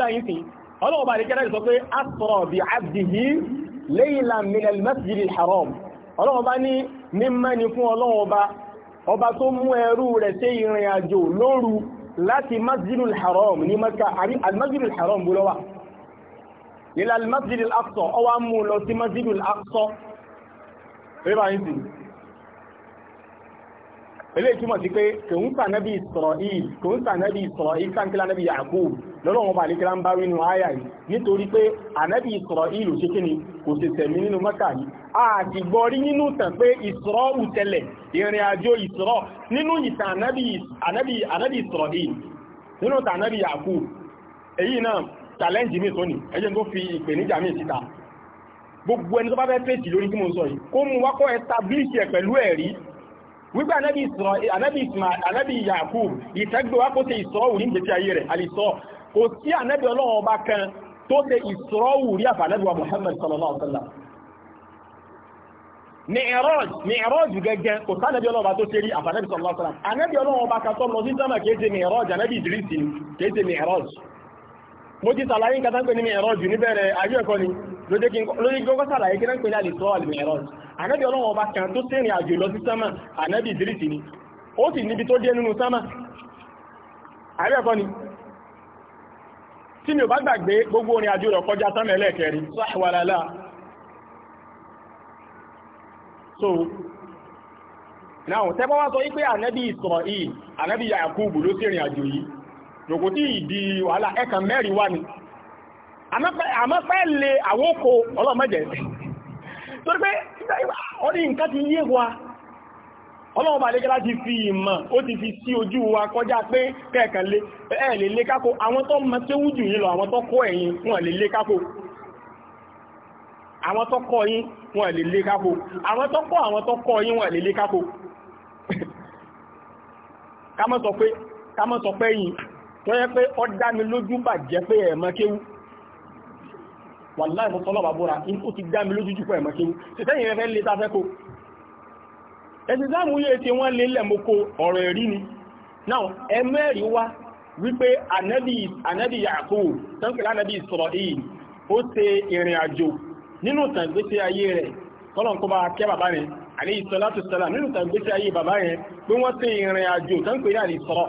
lẹ́ ọlọ́wọ́ bá rí kẹ́rẹ́ sọ pé asra bi abdihi laylan min al-masjid al-haram ọlọ́wọ́ bá ní mímọ́ ni fún ọlọ́wọ́ bá ọba tó mú ẹrú rẹ̀ ṣe ìrìn àjò lóru láti masjid al-haram ní maka àrí eléyìí túmọ̀ sí pé kòun sànẹ́bí Isra'il kòun sànẹ́bí Isra'il sáńkìlá nẹ́bí Yaqub lọ́lọ́wọ́n bá àlékìlá ń bá rí inú àyà yìí nítorí pé ànẹ́bí Isra'il ṣe kí ni kò sì tẹ̀mí nínú Mẹ́kà yìí àti gbọ́ rí nínú tàn pé Isra'u tẹ̀lẹ̀ ìrìn àjò Isra nínú ìtàn ànẹ́bí Isra'il nínú tàn ànẹ́bí Yaqub èyí náà challenge mi sóni ẹjẹ́ tó fi ìpèníjà mi síta gbogbo ẹni tó bá fẹ́ fèsì wípé anábì ìsọ̀ anábì ìsìmà anábì Yakub ìtẹ́gbẹ̀ wá kó ṣe ìsọ̀rọ̀wù ní ìgbésí ayé rẹ̀ àlìsọ̀ kò sí anábì ọlọ́run ọba kan tó ṣe ìsọ̀rọ̀wù rí àfànábì wa Muhammad sallallahu alaihi wa sallam mi'raj mi'raj gẹ́gẹ́ kò sánàbí ọlọ́ọ̀bá tó ṣe rí àfànábì sallallahu alaihi wa sallam anábì ọlọ́run ọba kan tó lọ sí sánà kéde mi'raj anábì ìdírísì kéde mi'raj mo ti sàlàyé nǹkan tánpẹ̀ ní mẹ́rọ̀jù níbẹ̀rẹ̀ ayé ni lóde kí gbogbo sàlàyé kí tánpẹ̀ láti sọ àlè ànábì ọlọ́run ọba kan tó sẹ́rìn àjò lọ sí sánmà ànábì ìdírìsì ni ó sì níbi tó dé nínú sánmà ayé ni tí mi ò bá gbàgbé gbogbo orin àjò rẹ̀ kọjá so now wá sọ wípé ànábì ànábì Yakubu ló sẹ́rìn àjò yìí kò tí ìdí wàhálà ẹ̀kan mẹ́rin wà ní àmọ́ pẹ́ lè àwókò ọlọ́mọ́jẹ̀ torí pé ọdí nǹkan ti yé wa ọlọ́wọ́ bá lẹ́gẹ́ láti fi ìmọ̀ ó ti fi sí ojú wa kọjá pé kẹ́ẹ̀kan lé ẹ̀ lè lé kákó àwọn tó mọ tí ó wújù yín lọ àwọn tó kọ́ ẹ̀yìn wọn lè lé kákó àwọn tó kọ́ yín wọn lè lé kákó àwọn [laughs] sọ pé ká tó yẹ pé ọ dá mi lójú bà jẹ́ pé ẹ̀mọ́ kéwú wàláì mo sọ́lọ́ bàbúra ó ti dá mi lójú jù pé ẹ̀mọ́ kéwú ṣètẹ́yìn rẹ̀ fẹ́ lé sáfẹ́ kó ẹ̀sìn sáàmù yìí tí wọ́n lé lẹ́mọ́kó ọ̀rọ̀ ẹ̀rí ni náà ẹmẹ́rí wá wípé ànábì yàkó tẹ́ǹkìlá ànábì sọ̀rọ̀ èyí ó ṣe ìrìn àjò nínú tàgbésí ayé rẹ̀ kọ́lọ̀nkọ́bá kẹ́ bàbá rẹ̀ àní ìsọ̀látùsọ̀lá nínú tàgbésí ayé bàbá rẹ̀ pé wọ́n ṣe ìrìn àjò tẹ́ǹkìlá àní sọ̀rọ̀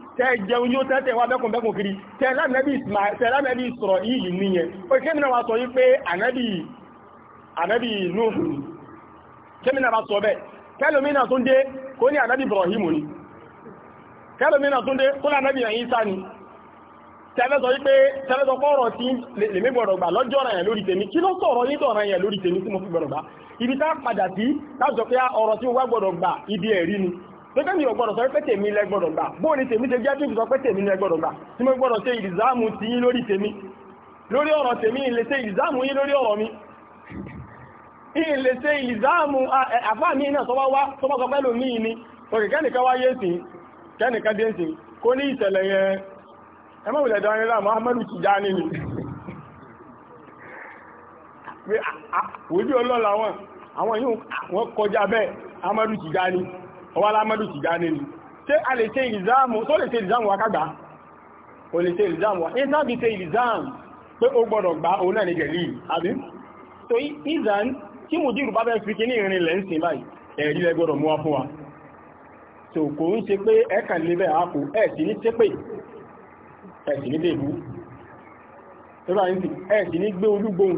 tẹ́ jẹun yóò tẹ́tẹ̀ wá bẹ́kùnbẹ́kùn kiri tẹ́ lánàbí sọ̀rọ̀ yìí níyẹn o kémìnà wa sọ wípé ànábì Nuhu kémìnà wa sọ bẹ́ kẹlòmínà tó ń dé kó ní ànábì Ibrahim ni kẹlòmínà tó ń dé kó ní ànábì Ìsá ni tẹ́lẹ́sọ wípé tẹ́lẹ́sọ kọ́rọ̀ tí lèmi gbọ́dọ̀ gbà lọ́jọ́ ọ̀rọ̀ yẹn lórí tèmi kí ló sọ̀rọ̀ yín tọ̀rọ̀ yẹn lórí tèmi tí mo fi gbọ́dọ̀ gbà ni pẹ́kẹ́ mi ò gbọ́dọ̀ sọ pé tèmi lẹ gbọ́dọ̀ gbà bóò ni tèmi ṣe jẹ́ tó fi sọ pé tèmi lẹ gbọ́dọ̀ gbà tí mo gbọ́dọ̀ ṣe ìlìzáàmù ti yín lórí tèmi lórí ọ̀rọ̀ tèmi ìlè ṣe ìlìzáàmù yín lórí ọ̀rọ̀ mi ìlè ṣe ìlìzáàmù àfá mi náà tó bá wá tó bá sọ pẹ́lú mi ni òkè kẹ́nìkan wáyé sí kẹ́nìkan dé sí kó ní ìṣẹ̀lẹ̀ yẹn ẹ mọ̀ wùlẹ̀ dán nílá Muhammadu Tijani ni ọwá alámọ́dù ti já nínú ṣé a lè ṣe ìlìzáàmù tó lè ṣe ìlìzáàmù wa kágbà o lè ṣe ìlìzáàmù wa ní sábì ṣe ìlìzáàmù pé ó gbọ́dọ̀ gba òun náà ní jẹ̀lì àbí so ìzàn tí mo dìrù bá fẹ́ fi kí ní ìrìn lẹ́ ń sìn báyìí ẹ̀rí lẹ gbọ́dọ̀ mú wa fún wa so kò ń ṣe pé ẹ kàn lébẹ̀ àákò ẹ̀ sì ní ṣépè ẹ̀ sì ní dèbú ẹ̀ sì ní gbé olúgbòhùn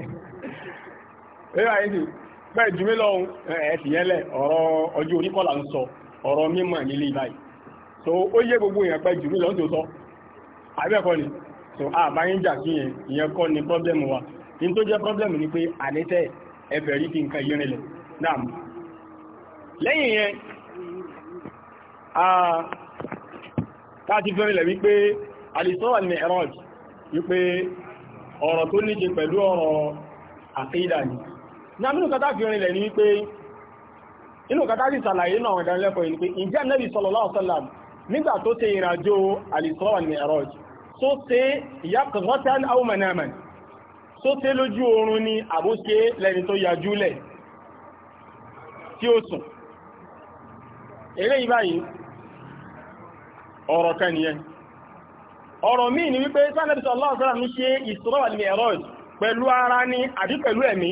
ẹ̀rọ ayé ti bẹ́ẹ̀ jùmí lọ ẹ̀fìyẹ́lẹ̀ ọ̀rọ̀ ọjọ́ oníkọ́là ń sọ ọ̀rọ̀ mímọ̀ nílé báyìí so ó yé gbogbo èèyàn pẹ́ jùmí lọ tó sọ àbẹ́ẹ̀kọ́ ni so àbáyín jà sí yẹn ìyẹn kọ́ ni pọ́blẹ́mù wa ní tó jẹ́ pọ́blẹ́mù ni pé àníṣẹ́ ẹfẹ̀ rí fi nǹkan yẹn rẹ̀ náà lẹ́yìn yẹn láti fẹ́rin lẹ̀ wípé alìsọ́wà ní ẹ̀rọ̀jì wípé ọ̀rọ̀ tó níje pẹ̀lú ọ̀rọ̀ àkídà ni ní àmì ìkàtà fi rìnlẹ̀ ní pé inú kàtà sí sàlàyé náà àwọn ìdánilẹ́kọ̀ọ́ yìí pé ìjẹ́ Ànábì sallallahu alaihi wasallam nígbà tó ṣe ìrìnàjò al-Isra wal Mi'raj tó ṣe yaqzatan aw manaman tó ṣe lójú oorun ni àbóṣe lẹ́ni tó yajúlẹ̀ tí ó sùn eré ìbáyìí ọ̀rọ̀ kan nìyẹn ọ̀rọ̀ míì ni wípé sànẹ́bì sallallahu alaihi wasallam ní ṣe Isra wal Mi'raj pẹ̀lú ara ní àbí pẹ̀lú ẹ̀mí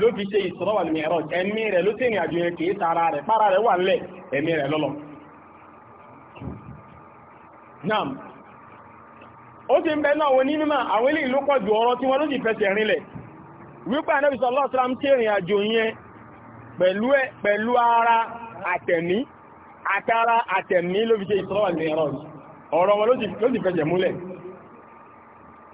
ló fi ṣe Isra wal Mi'raj ẹ̀mí rẹ̀ ló tẹ̀rìn àjò yẹn kìí tara rẹ̀ para rẹ̀ wà ńlẹ̀ ẹ̀mí rẹ̀ lọ́lọ́ naam ó ti ń bẹ náà wọn ní mímọ̀ àwọn eléyìí ló pọ̀ ju ọ̀rọ̀ tí wọ́n ló sì fẹsẹ̀ rinlẹ̀ wípé Ànábì sallallahu alaihi wasallam tẹ̀rìn àjò yẹn pẹ̀lú ara àtẹ̀mí àtara àtẹ̀mí ló fi ṣe Isra wal Mi'raj ọ̀rọ̀ wọn ló sì fẹsẹ̀ múlẹ̀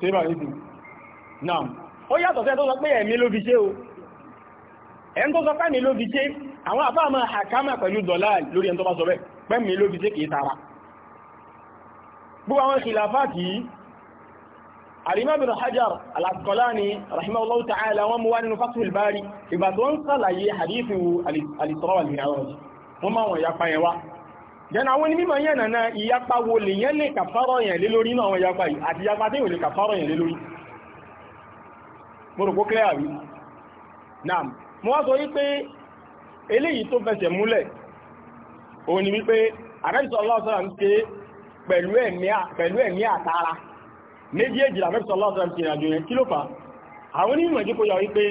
ṣe bá yìí náà ó yàtọ̀ sẹ́ tó sọ pé ẹ̀mí ló fi ṣe o ẹ̀m tó sọ pé ẹ̀mí ló fi ṣe àwọn àbá àmà àkámà pẹ̀lú dọ̀là lórí ẹ̀m tó bá sọ bẹ́ẹ̀ pé ẹ̀mí ló fi ṣe kìí tara gbogbo àwọn khilafati Al-Imam Ibn Hajar Al-Asqalani rahimahullahu ta'ala wọ́n mú wá nínú Fathul Bari ìgbà tó ń sàlàyé hadithu al-Isra wal-Mi'raj wọ́n wá jẹ́nà àwọn onímọ̀ yẹn na ìyapa wo lè yẹn lè kàfàrọ̀ yẹn lé lórí náà àwọn ìyapa yìí àti ìyapa tí yóò lè kàfàrọ̀ yẹn lé lórí mo rò kó clear àrí náà mo wá sọ wípé eléyìí tó fẹsẹ̀ múlẹ̀ òun ni wípé àrẹ́sọ̀ ọlọ́sọ̀rọ̀ ń ṣe pẹ̀lú ẹ̀mí àtara méjèèjì àrẹ́sọ̀ ọlọ́sọ̀rọ̀ ń ṣe ìrìnàjò yẹn kí ló fà àwọn onímọ̀ ìdíkò yà wípé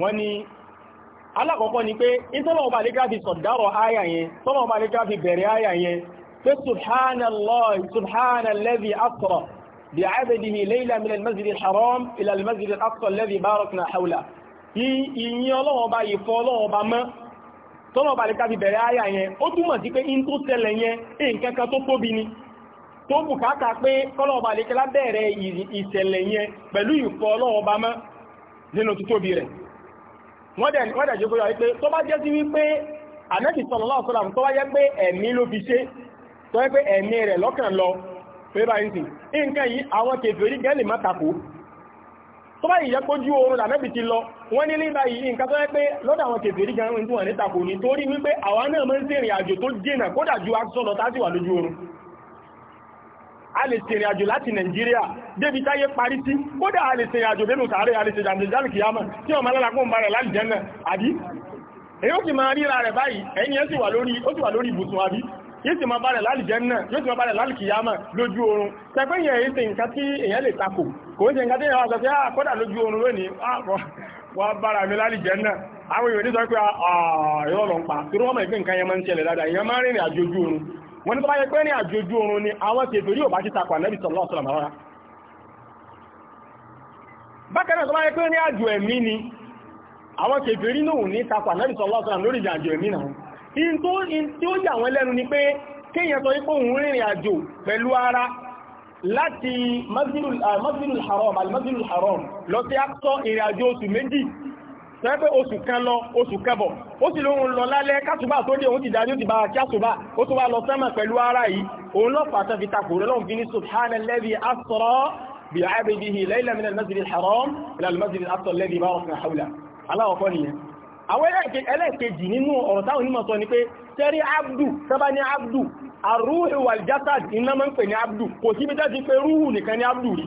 wọ́n ní alákọ̀ọ́kọ́ ni pé ìtọ́lọ̀ ọba lẹ́gbà fi sọ̀dárọ̀ ayà yẹn tọ́lọ̀ ọba lẹ́gbà fi bẹ̀rẹ̀ ayà yẹn pé subhanallah subhanalladhi asra bi 'abdihi layla min al-masjid al-haram ila al-masjid al-aqsa alladhi barakna hawla ìyìn ọlọ́wọ́ ọba yìí fọ́ ọlọ́wọ́ ọba mọ́ tọ́lọ̀ ọba lẹ́gbà fi bẹ̀rẹ̀ ayà yẹn ó túmọ̀ sí pé in tó ṣẹlẹ̀ yẹn nǹkan pé kọ́lọ̀ ọba bẹ̀rẹ̀ ìṣẹ̀lẹ̀ yẹn pẹ̀lú ìfọ́ ọlọ́wọ́ mọ́ nínú títóbi rẹ̀ wọ́n dẹ̀ jẹ́ kóyọ̀ wípé tó bá jẹ́ sí wípé ànẹ́bì sallallahu alaihi wasallam tó bá jẹ́ pé ẹ̀mí ló fi ṣe tó jẹ́ pé ẹ̀mí rẹ̀ lọ́kàn lọ pé bá ń sì nǹkan yìí àwọn kèfèrí gẹ́lì má tako tó bá yìí jẹ́ pójú oorun ànẹ́bì ti lọ wọ́n nílé báyìí nǹkan tó jẹ́ pé lọ́dọ̀ àwọn kèfèrí gẹ́lì tí wọ́n ní tako nítorí wípé àwa náà máa ń ṣèrìn àjò tó jìnà kódà ju aṣọ lọ tá sì wà lójú a lè ṣèrìn àjò láti Nàìjíríà débi táyé parí sí kódà a lè ṣèrìn àjò dénú sàárè a lè ṣèrìn àjò jálùkì yámà tí ọmọ alárakún bá rẹ̀ láti jẹ́nà àbí èyí ó sì máa ríra rẹ̀ báyìí ẹ̀yìn ó sì wà lórí ibùsùn àbí yóò sì máa bá rẹ̀ láti jẹ́nà yóò sì máa bá rẹ̀ láti kìyàmà lójú oorun tẹgbẹ́ yẹn èyí ṣe nǹkan tí èyàn lè takò kò ń ṣe nǹkan tí èyàn wà sọ pé ah, ah, á bára mi láti jẹ́nà àwọn èèyàn ní sọ pé ààrẹ ah, ọlọ́pàá tí wọ́n mọ̀ ìpín nǹkan yẹn ń ṣẹlẹ̀ dáadáa èèyàn máa rìnrìn àjò ojú oorun wọ́n ní tó bá yẹ pé ní àjòjú oorun ni àwọn kèfèrí ò bá ti takò ànábì sallallahu alaihi wasallam rárá bákan náà tó bá yẹ pé ní àjò ẹ̀mí ni àwọn kèfèrí náà ní takò ànábì sallallahu alaihi wasallam lórí ìjàjò ẹ̀mí náà tí ó yà wọ́n lẹ́nu ni pé kéèyàn sọ pé òun rìnrìn àjò pẹ̀lú ara láti masjidul eh, haram al masjidul haram lọ sí àkọ́ ìrìn àjò oṣù méjì tẹ́ pé oṣù kan lọ oṣù kẹbọ̀ ó sì lóun lọ lálẹ́ kásùbà tó dé òun ti dájú ti bá a kásùbà ó tó wá lọ sẹ́mà pẹ̀lú ara yìí òun lọ́pàá tẹ́ fi takò lọ́lọ́run fi ní subhanallazi asra bi abdihi laylan minal masjidil haram ilal masjidil aqsa allazi barakna hawla aláwọ̀kọ́ nìyẹn àwọn ẹlẹ́ẹ̀kejì nínú ọ̀rọ̀ táwọn onímọ̀ sọ ni pé tẹ́rí abdu tẹ́bá ní abdu arúhù wal iná máa ń pè ní abdu kò síbi tẹ́ pé rúhù nìkan ní abdu rí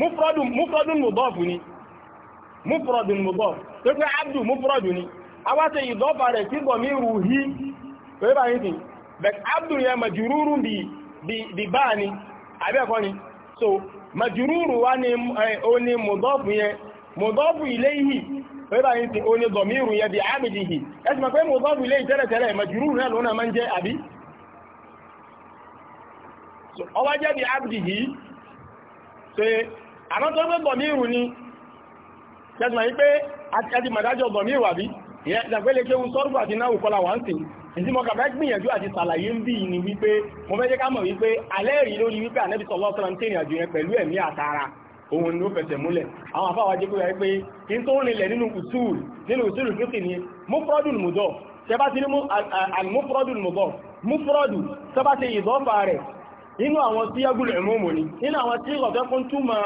mufrọdun mufrodun mudọ́ọ̀fù ni mufrọdun tó abdu ni a wá ṣe ìdọ́fà rẹ̀ sí bọ̀mí pé bá yìí bẹ̀k abdu yẹn majururu bí bá ni abẹ́ẹ̀kọ́ ni so majururu wá ní oní mudọ́ọ̀fù yẹn mudọ́ọ̀fù ilayhi pé bá yìí oní bí abidihi ẹ̀sìn mọ̀ pé mudọ́ọ̀fù ilayhi tẹ́lẹ̀tẹ́lẹ̀ majururu náà lónà máa ń jẹ́ àbí jẹ́ bí àmọ́ tó gbé bọ̀míìrù ni ṣẹ́tùmọ̀ yí pé àti màdájọ́ bọ̀míìrù àbí ìdàgbélé kéhun sọ́rùfù àti náà kọ́lá wà ń sìn ìdí mọ́ kàfẹ́ gbìyànjú àti sàlàyé ń bí ni wípé mo fẹ́ jẹ́ ká mọ̀ wípé alẹ́rì lórí wípé ànẹ́bí sọ̀lọ́ sọ́lá ń tẹ̀rìn àjò yẹn pẹ̀lú ẹ̀mí àtara òun ni ó fẹsẹ̀ múlẹ̀ àwọn afáwà jẹ́ pé wípé kí n tó rinlẹ̀ nínú usul nínú usul fífi ni mufrodul mudọ tẹ́bá ti ní mufrodul mudọ mufrodu tẹ́bá ti ìdọ́fà rẹ̀ nínú àwọn síyagul ẹ̀mọ́mọ́ ni nínú àwọn síyagul ọ̀tẹ́kùn túmọ̀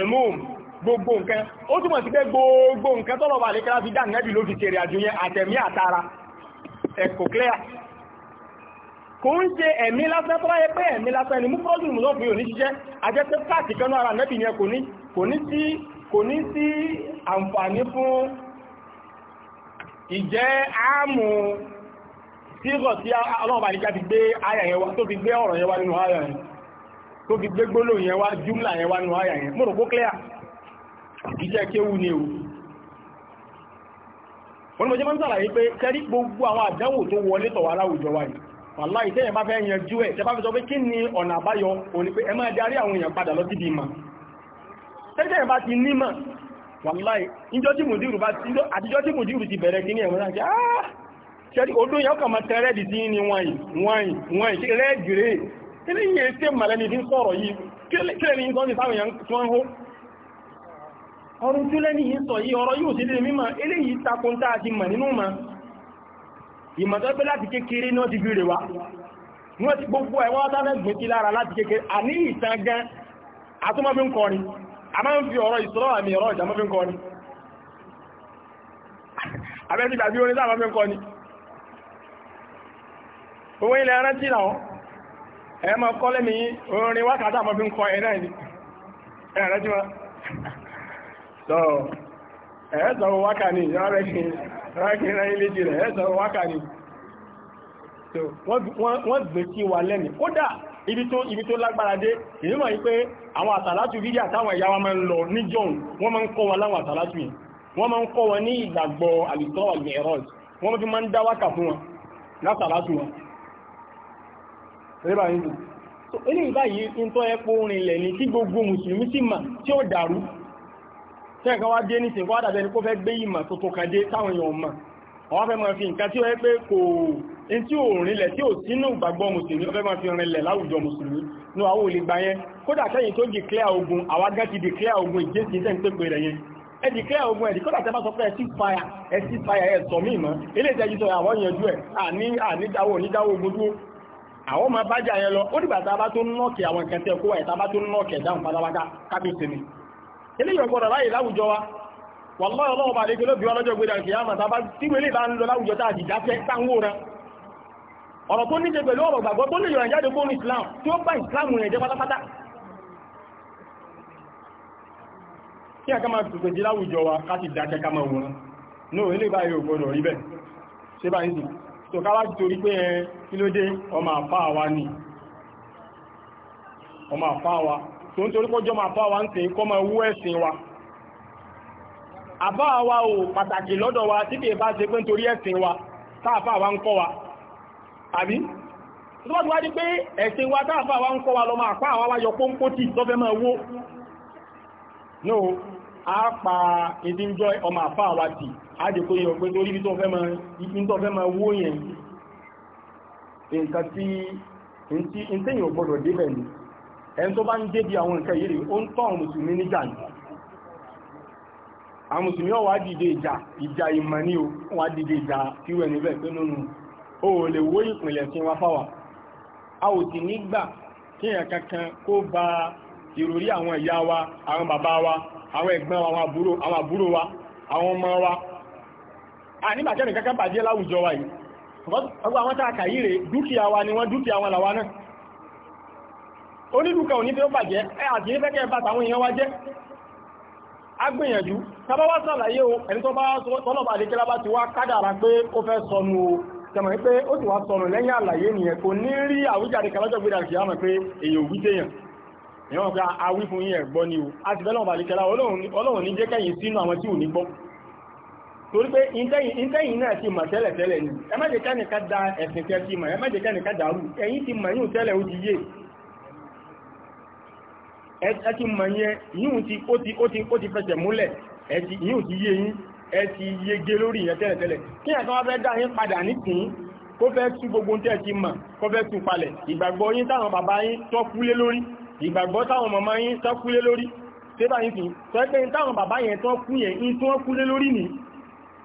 ẹ̀mùm gbogbo nǹkan ó túnmọ̀ sí pé gbogbo nǹkan tọ́lọ̀ bá lékẹ́lá fi dáà nẹ́bì ló fi tèrè àjò yẹn àtẹ̀mí àtara ẹ̀kọ́ clear kò ń ṣe ẹ̀mí lásán tó ráyẹ pé ẹ̀mí lásán ni mú fọ́ọ̀dù mú lọ́pù yóò ní ṣiṣẹ́ ajẹ́pẹ́ káàkì kan náà ara nẹ́bì yẹn kò ní kò ní sí kò ní sí àǹfààní fún ìjẹ́ àmù sírọ̀ tí ọlọ́ọ̀bà nígbà ti gbé ayà yẹn wá tó fi gbé ọ̀rọ̀ yẹn wá nínú ayà yẹn tó fi gbé gbólóhùn yẹn wá júmlà yẹn wá nù àyà yẹn mo rò kó clear iṣẹ́ kéwú ni o wọ́n mọ̀ jẹ́ máa ń sàlàyé pé kẹ́rí gbogbo àwọn àdánwò tó wọlé tọ̀wọ̀ aláwùjọ wa yìí wàlá ìṣẹ́ yẹn bá fẹ́ yanjú ẹ̀ tẹ́bá fi sọ pé kí ni ọ̀nà àbáyọ òní pé ẹ máa darí àwọn èèyàn padà lọ síbi ìmọ̀ tẹ́jẹ́ yẹn bá ti nímọ̀ wàlá ìjọ tí mùdírù bá ti àtijọ́ tí mùdírù ti bẹ̀rẹ̀ kíní kíní yẹn tí màlẹ́ni ti ń sọ̀rọ̀ yìí kílẹ̀ ní sọ́ọ́ ti táwọn èèyàn tí wọ́n hó ọrọ̀ tí lẹ́ni yìí sọ yìí ọ̀rọ̀ yóò sí lè mímọ̀ eléyìí takun tá a ti mọ̀ nínú ma ìmọ̀tọ́ pé láti kékeré náà ti gbére wa wọ́n ti gbogbo ẹ̀wọ́n tánẹ́ a fi ẹ máa kọ́ lẹ́mi orin wákàtà mọ́ fi ń kọ ẹ̀ náà ni ẹ̀rẹ́ tí wọ́n sọ ẹ̀ẹ́ sọ wákà ní ìrọ́rẹ́kìnrin ilé jì rẹ̀ ẹ̀ẹ́ sọ wákà ní wọ́n gbé kí wà lẹ́mi kódà ibi tó ibi tó lágbára dé èyí mọ̀ wípé àwọn àtàlátù fídíò àtàwọn ẹ̀yà wa máa ń lọ ní john wọ́n máa ń kọ́ wọn láwọn àtàlátù yìí wọ́n máa ń kọ́ wọn ní ìgbàgbọ́ àlùtọ́ àlùmẹ̀rọ̀ wọ́n fi máa ń dá wákà fún wọn látàlátù wọn rẹ́bà yìí so ilé ìbáyìí in tó ẹpọ̀ orin ilẹ̀ ni tí gbogbo mùsùlùmí sì mà tí ó dàrú tẹ́ẹ̀kan wá dé nìsìn wá dàbẹ́ ni kó fẹ́ gbé ìmà tó tó kàdé táwọn èèyàn mà àwọn fẹ́ máa fi nǹkan tí ó yẹ pé kò in tí ò rinlẹ̀ tí ò sínú ìgbàgbọ́ mùsùlùmí ọfẹ́ máa fi rinlẹ̀ láwùjọ mùsùlùmí ní àwọn olè gbà yẹn kódà kẹ́yìn tó declare ogun àwọn agá ti declare ogun ìgbésí tẹ́ ń pépè rẹ̀ yẹn ẹ declare ogun ẹ̀dì kódà tẹ́ bá sọ pé ẹ sí fire ẹ sí fire ẹ̀ sọ mí mọ́ ilé ìtẹ́jú sọ àwọn yanjú ẹ̀ àní ànídáwọ̀ onídáwọ̀ ogun dúró àwọn máa bájà yẹn lọ ó dìgbà tá a bá tó nọ́ọ̀kì àwọn nǹkan tẹ́ kó wà yìí tá a bá tó nọ́ọ̀kì ẹ̀dáhùn pátápátá kábí sinmi eléyìí ọgbọ́dọ̀ láyè láwùjọ wa wàlọ́ ọlọ́wọ́ bá lè gbé lóbi ọlọ́jọ́ gbé dànkì yàmà tá a bá tí wẹ́lẹ́ bá ń lọ láwùjọ tá a dìjà fẹ́ táwọn rẹ ọ̀rọ̀ tó níṣe pẹ̀lú ọ̀rọ̀ gbàgbọ́ tó lè yọ̀rọ̀ jáde fún Islam tí ó bá Islam rẹ̀ jẹ́ pátápátá kí a ká máa tùtù jí láwùjọ wa ká ti dákẹ́ ká máa wòrán náà ilé báyìí ò gbọdọ̀ rí bẹ́ẹ̀ ṣé báyìí sì tó ká wá ti torí pé ẹ kí ló dé ọmọ àfáàwá ni ọmọ àfáàwá tó ń torí pọ́jọ́ máa fáàwá ń tèé kọ́mọ owó ẹ̀sìn wa àbáàwá ò pàtàkì lọ́dọ̀ wa tí kìí bá ṣe pé nítorí ẹ̀sìn wa táàfáàwá ń kọ́ wa àbí tó bá ti wá di pé ẹ̀sìn wa táàfáàwá ń kọ́ wa lọ máa fáàwá wáyọ pónpótì a pa ìdíjọ́ ọmọ àfáàwá nǹkan tí ìtẹ́yìn ògbọ́dọ̀ débẹ̀ ni ẹn tó bá ń débi àwọn nǹkan yìí rí ó ń tọ́ àwọn mùsùlùmí níjà ní àwọn mùsùlùmí o dìde ìjà fíwọ ẹni o lè wó ìpìnlẹ̀ fi a ò ti nígbà kí èèyàn kankan kó ba ìròrí àwọn ìyá wa àwọn bàbá wa àwọn ẹ̀gbọ́n wa àwọn àbúrò wa àwọn ọmọ wa a nígbà kankan bàjẹ́ láwùjọ wa yìí ọgbà àwọn tàà kàyí rẹ̀ dúkìá wa ni wọ́n dúkìá wọn làwa náà onídùkà òní tí ó bàjẹ́ ẹ àti ní fẹ́kẹ́ bá tàwọn èèyàn wá jẹ́ agbìyànjú tàbá wá sàlàyé o ẹni tó bá tọ́lọ̀bà àdékẹ́lá bá ti wá kádàrà pé ó fẹ́ sọnù o tẹ̀mọ̀ pé ó ti wá sọnù lẹ́yìn àlàyé nìyẹn kò ní rí àwíjàre kalájọ́ gbé dàrí kìyàmọ̀ pé èyí òwí téèyàn ìwọ̀n pé awí fún yín gbọ́ ni o a ti bẹ́lọ̀ bà àdékẹ́lá ọlọ́run ní jẹ́kẹ́yìn sínú àwọn tí ò ní gbọ́ torí pé ìtẹ́yìn náà ti mọ̀ tẹ́lẹ̀ ni ẹ má jẹ́ kẹ́nìká da ẹ̀sìn kẹ́ ti mọ̀ ẹ má jẹ́ kẹ́nìká dàrú ẹ̀yìn ti mọ̀ yíò tẹ́lẹ̀ ó ti yé ẹ ti mọ̀ yẹn yíò ti ó ti fẹsẹ̀ múlẹ̀ yíò ti yé yín ẹ ti yege lórí yẹn tẹ́lẹ̀ tẹ́lẹ̀ kí ẹ̀ kan wá fẹ́ dá yín padà ní tìǹ kó fẹ́ tú gbogbo tẹ́ ti mọ̀ kó fẹ́ tú palẹ̀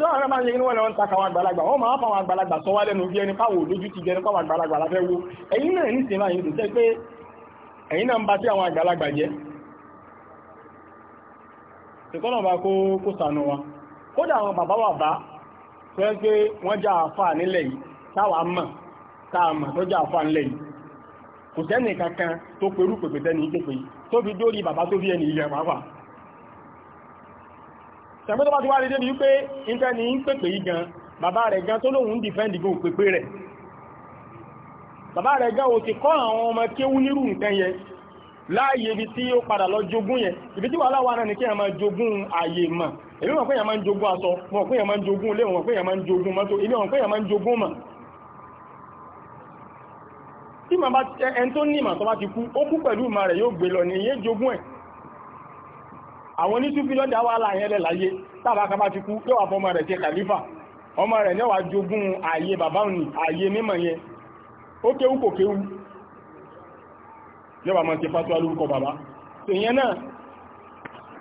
tó àwọn ọmọ yẹn wọn lọ ń ta káwọn àgbàlagbà wọn máa fáwọn àgbàlagbà sọ wá lẹ́nu bí ẹni káwọn olójú ti jẹni káwọn àgbàlagbà la fẹ́ wo ẹ̀yin náà ní sinimá pé náà ń ba sí àwọn àgbàlagbà jẹ ìkọlọ bá kó kó sànù wa kódà àwọn bàbá bàbá tó yẹ pé wọn já àfa nílẹ̀ yìí táwa mọ̀ táà mọ̀ tó já àfa nílẹ̀ yìí kò kankan tó perú pèpè tẹ̀gbọ́n tó bá ti wá rí débi wípé nǹkan ní ń pèpè yí gan bàbá rẹ̀ gan tó lóun ń dìfẹ́ǹdì gan òpèpè rẹ̀ bàbá rẹ̀ gan ò ti kọ́ àwọn ọmọ kéwú nírú nǹkan yẹn láàyè ibi tí ó padà lọ jogún yẹn ibi tí wàhálà wà náà ni kí èèyàn máa jogún ààyè mọ̀ èmi mọ̀ pé èèyàn máa ń jogún aṣọ mọ̀ pé èèyàn máa ń jogún ilé mọ̀ pé èèyàn máa ń jogún mọ́tò ilé mọ̀ pé èèyàn máa ń jogún mọ̀ tí màá bá ẹni tó ní ìmọ̀ tó bá àwọn onítúbí lọ́dá wà láàyẹ́ lẹ̀ láyé tàbá kaba ti kú yóò wà fọmọ rẹ̀ jẹ kàlífà ọmọ rẹ̀ ní wà jogún ààyè bàbá òní ààyè mímọ̀ yẹn ó kéwú kò kéwú yóò wà mọ́ ti fatuwa lórúkọ bàbá tèyẹn náà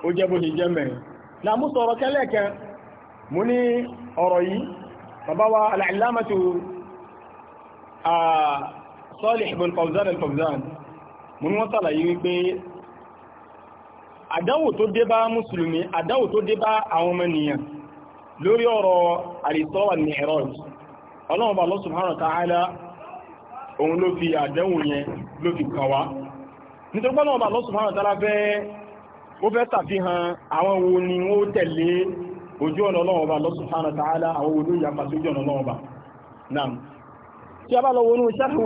ó jẹ́ bó ṣe jẹ́ mẹ́rin na mú sọ̀rọ̀ kẹ́lẹ̀kẹ́ mú ní ọ̀rọ̀ yìí ah, ní wọ́n sàlàyé wípé àdánwò tó dé bá mùsùlùmí àdánwò tó dé bá àwọn ọmọ ènìyàn lórí ọ̀rọ̀ al-Isra wal-Mi'raj ọlọ́run bá Allah subhanahu wa ta'ala òun ló fi àdánwò yẹn ló fi kàn wá nítorí pọ́nà ọba Allah subhanahu wa ta'ala fẹ́ ó fẹ́ tàfihàn àwọn wo ni ó tẹ̀lé ojú ọ̀nà ọlọ́run ọba Allah subhanahu wa ta'ala àwọn olóyè yapa sí ojú ọ̀nà ọlọ́run ọba náà tí a bá lọ wọnú sharhu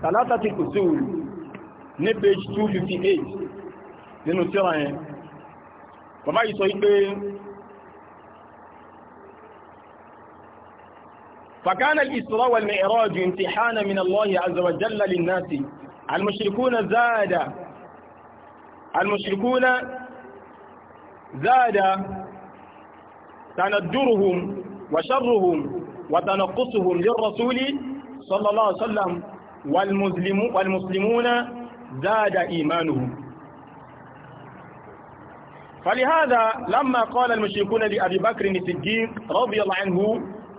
salatati usul ní page 258 nínú tíra yẹn bàbá yìí sọ wípé فكان الإسراء والمعراج امتحانا من الله عز وجل للناس المشركون زاد المشركون زاد تندرهم وشرهم وتنقصهم للرسول صلى الله عليه وسلم والمسلمون زاد إيمانهم فلهذا لما قال المشركون لأبي بكر الصديق رضي الله عنه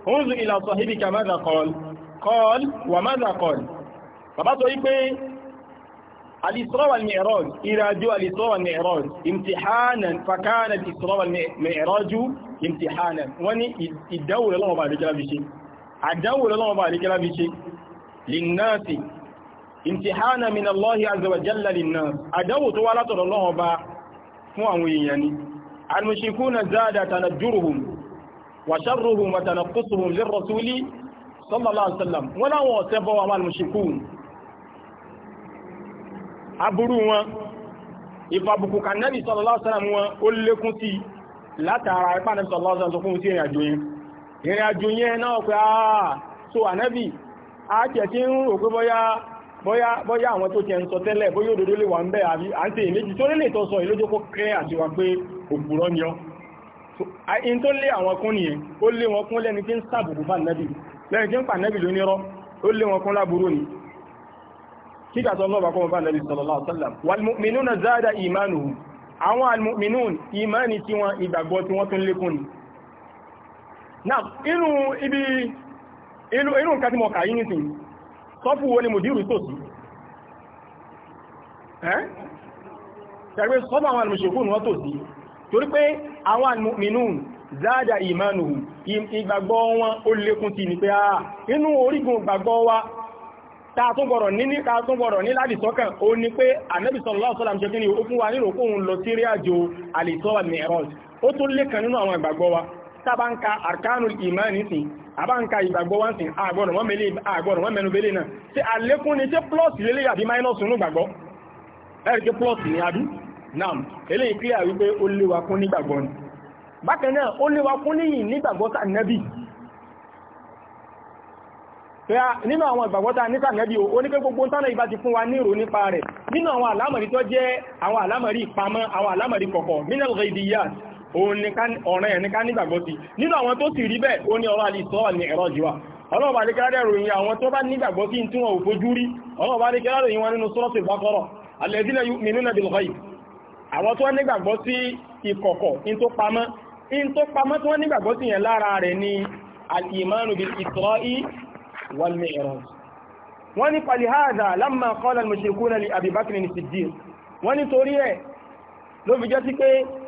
انظر إلى صاحبك ماذا قال قال وماذا قال bàbá sọ wípé al-Isra wal-Mi'raj ìrìnàjò al-Isra wal-Mi'raj imtihanan fakana al-Isra wal-Mi'raj imtihanan wọ́n ní ìdánwò lọ́wọ́ bá àríkẹ́lá fi ṣe àdánwò lọ́wọ́ bá àríkẹ́lá fi ṣe lin-nasi imtihanan min Allahi azza wa jalla lin-nas àdánwò tó wá látọ̀rọ̀ lọ́wọ́ bá fún àwọn èèyàn ni al-mushrikuna zada tanajjuruhum wa sharruhum wa tanaqqusuhum lir-rasuli sallallahu alaihi wasallam wọ́n láwọn ọ̀tẹ́ bọ́ àwọn al-mushrikun aburú wọn ìfàbùkù kanẹ́bì sallallahu alaihi wasallam wọn ó lékún sí látara ipá bóyá àwọn tó ti ẹ̀ ń sọ tẹ́lẹ̀ bóyá òdodo lè wà ń bẹ́ àbí à ń tè méjì tó lè tọ́ sọ ìlójó kó kẹ́ àti wà pé òpùrọ́ ni ọ́ in tó lé àwọn kún nìyẹn ó lé wọn kún lẹ́ni tí ń sàbùkù bá nẹ́bì lẹ́ni tí ń pa nẹ́bì lónírọ́ ó lé wọn kún láburú ni kíkà sọ lọ́ba kọ́ bá nẹ́bì sallallahu alaihi wasallam walmu'minuna zada imanuhum àwọn almu'minun imani tí wọn ìgbàgbọ́ tí wọ́n tún lékún ni now inú ibi inú nǹkan tí mo kà yí nìsìn sọ́fù wo ni mùdírù tó sí ẹ́ ṣẹ̀gbẹ́ sọ́fù àwọn alìmùsùnkún wọ́n tó sí torí pé àwọn alìmùmínún záàdà ìmánu ìgbàgbọ́ wọn ó lékún ti ní pé a ah, inú orígun ìgbàgbọ́ wa tààtúngbọ̀rọ̀ ní ní tààtúngbọ̀rọ̀ ní láti sọ́kàn ó ní pé ànábì sallallahu alaihi wasallam kí ni ó fún wa nílò kóhun lọ sí rí àjò àlètọ́ àmì ó tún lékan nínú àwọn ìgbàgbọ́ wa tábà ń ka arkanul iman sí àbá ń ka ìgbàgbọ́ wá sí àgbọ̀nà wọ́n mẹ́lẹ̀ àgbọ̀nà wọ́n mẹ́nu bẹ́lẹ̀ náà ṣe àlékún ni ṣe plus lélẹ̀ àbí minus nù gbàgbọ́ ẹ̀rì pé plus ni àbí nam eléyìí clear wípé ó léwa kún nígbàgbọ́ ni bákan náà ó léwa kún níyìn nígbàgbọ́ sá nẹ́bì nínú àwọn ìgbàgbọ́ta nípa nẹ́bí o ní pé gbogbo tánà ìbá ti fún wa ní ìrò nípa rẹ̀ nínú àwọn àlámọ̀rí tó jẹ́ àwọn àlámọ̀rí ìpamọ́ àwọn àlámọ̀rí kọ̀kọ̀ minal ghaibiyat ọ̀ràn ẹ̀ ní ká nígbàgbọ́ sí nínú àwọn tó sì rí bẹ́ẹ̀ ó ní ọ̀rọ̀ àlìsọ́ ní ẹ̀rọ jíwá ọlọ́ọ̀bá lè kẹ́lá ròyìn àwọn tó bá nígbàgbọ́ sí tí wọn ò fojú rí ọlọ́ọ̀bá lè kẹ́lá ròyìn wọn nínú suratul Baqara alladhina yu'minuna bil ghaib àwọn tó nígbàgbọ́ sí ìkọ̀kọ̀ in tó pamọ́ in tó pamọ́ tó nígbàgbọ́ sí yẹn ni al-imanu bil isra'i wal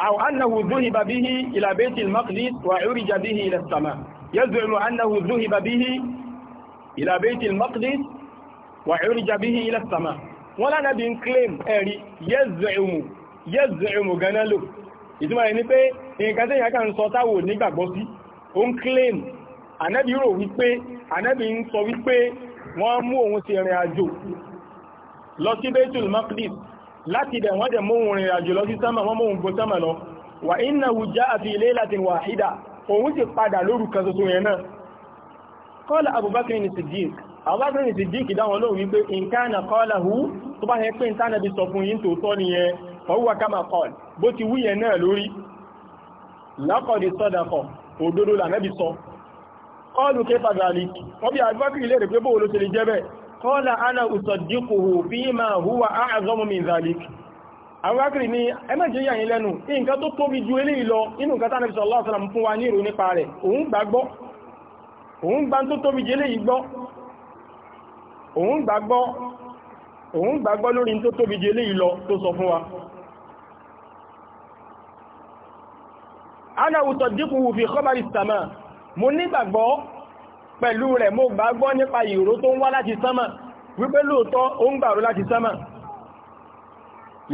أو أنه ذهب به إلى بيت المقدس وعرج به إلى السماء يزعم أنه ذهب به إلى بيت المقدس وعرج به إلى السماء ولا نبي كليم أري يزعم يزعم غنالو ìtumọ̀ ẹni pé nǹkan tí ìyàkà ń sọ táwò nígbàgbọ́ sí ó ń claim ànábì rò wípé ànábì ń sọ wípé wọ́n mú òun sí ìrìn àjò lọ sí Baitul Maqdis láti dẹ̀ wọ́n dẹ̀ móhun rìnrìn àjò lọ sí sánmà wọ́n móhun go sánmà lọ wà innahu ja'a fi laylatin wahida òun sì padà lóru kan ṣoṣo yẹn náà qala Abubakar ní Siddiq Abubakar ní Siddiq dáwọn lóhun wípé in kana qalahu tó bá yẹ pé ń tánà kama qala bó ti wúyẹn náà lórí laqad sadaqa òdodo lànàbì sọ qalu kayfa dhalik wọ́n bí Abubakar ilé rẹ̀ pé bóòló ṣe lè kọ́lá ana ìsọ̀díkòhò bí ma húwa àázọ́mù mi zalik awakiri ni ẹmẹ́jẹ́ yà yìí lẹ́nu nǹkan tó tóbi ju eléyìí lọ inú nǹkan tánàbí sallallahu alaihi wasallam fún wa ní ìrò nípa rẹ̀ òun gbàgbọ́ òun gbá tó tóbi ju eléyìí gbọ́ tó sọ fún wa ana ìsọ̀díkòhò fi khabari sama mo nígbàgbọ́ pẹ̀lú rẹ̀ mo gbà gbọ́ nípa ìró tó ń wá láti sánmà wípé lóòótọ́ ó ń gbàró láti sánmà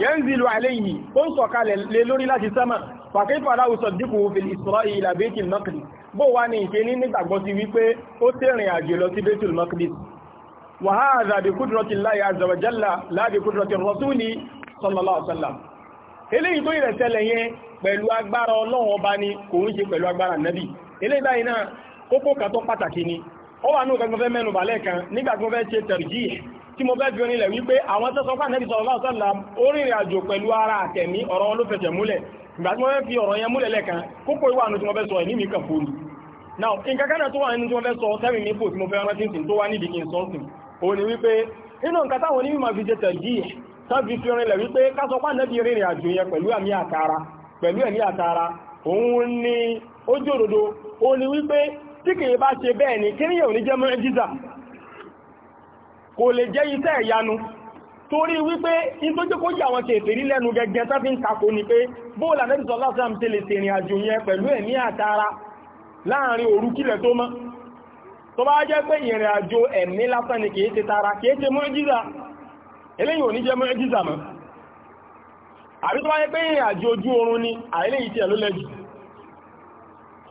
yanzilu alayhi ó ń sọ̀kalẹ̀ lé lórí láti sánmà fàkífà aláwù sọ̀díkù fil isra'i ila baitul maqdis bó wá ní ìṣe ní nígbàgbọ́ sí wípé ó tẹ́rìn àjò lọ sí baitul maqdis wa hadha bi qudratillahi azza wa jalla la kókó kan tó pàtàkì ni ó wà nínú kankan fẹ́ mẹ́nu bàlẹ́ kan nígbà tí mo fẹ́ ṣe tẹ̀rìjì tí mo fẹ́ fi onílẹ̀ wípé àwọn tó sọ fún ànẹ́bí sọ̀rọ̀ láwùsọ̀lá orìnrìn àjò pẹ̀lú ara àtẹ̀mí ọ̀rọ̀ wọn ló fẹsẹ̀ now nǹkan kan náà tó wà nínú tí mo fẹ́ sọ ni wípé nínú nǹkan táwọn onímọ̀ máa fi ṣe tẹ̀jì sábì fi orin lẹ̀ wípé kásọ pá nẹ́bí rìnrìn àjò yẹn pẹ̀lú ẹ̀mí àtara pẹ̀lú ẹ̀mí àtara òun ni ó jòdòdó òun tí kìí bá ṣe bẹ́ẹ̀ ni kí níyàn ní jẹ́ mọ́ẹ́jíza kò lè jẹ́ iṣẹ́ ìyanu torí wípé ìtójú kó yà wọn ṣe ètè rí lẹ́nu gẹ́gẹ́ tó fi ń takò ní pé bóòlù àdẹ́bìsọ lásán ṣe lè ṣe ìrìn àjò yẹn ni kìí ṣe tara kìí ṣe mọ́ẹ́jíza eléyìn ò ní jẹ́ pé ìrìn àjò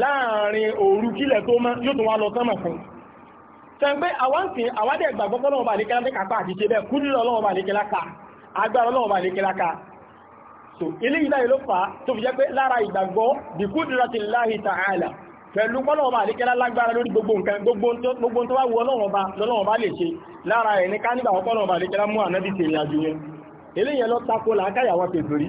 láàrin òru kílẹ̀ tó mọ́ yóò tún wá lọ sánmà fún sẹ́gbẹ́ àwáǹtì àwádẹ́ ìgbàgbọ́ fọ́lọ́wọ́ bá lè kẹ́lá kápá àti ṣe bẹ́ẹ̀ kúrú lọ́wọ́ bá lè kẹ́lá ká so ilé ìlà ìlú fà tó fi jẹ́ pé lára ìgbàgbọ́ bí ta'ala pẹ̀lú fọ́lọ́wọ́ bá lè kẹ́lá lágbára lórí gbogbo nǹkan gbogbo tó wá wọ lọ́wọ́ bá lọ́wọ́ bá lè ṣe lára ẹ̀ ní kánígbà fọ́lọ́wọ́ bá lè kẹ́lá mú ànábì ṣe ìrìn àjò yẹn eléyẹn lọ tako làákàyàwó pèsè rí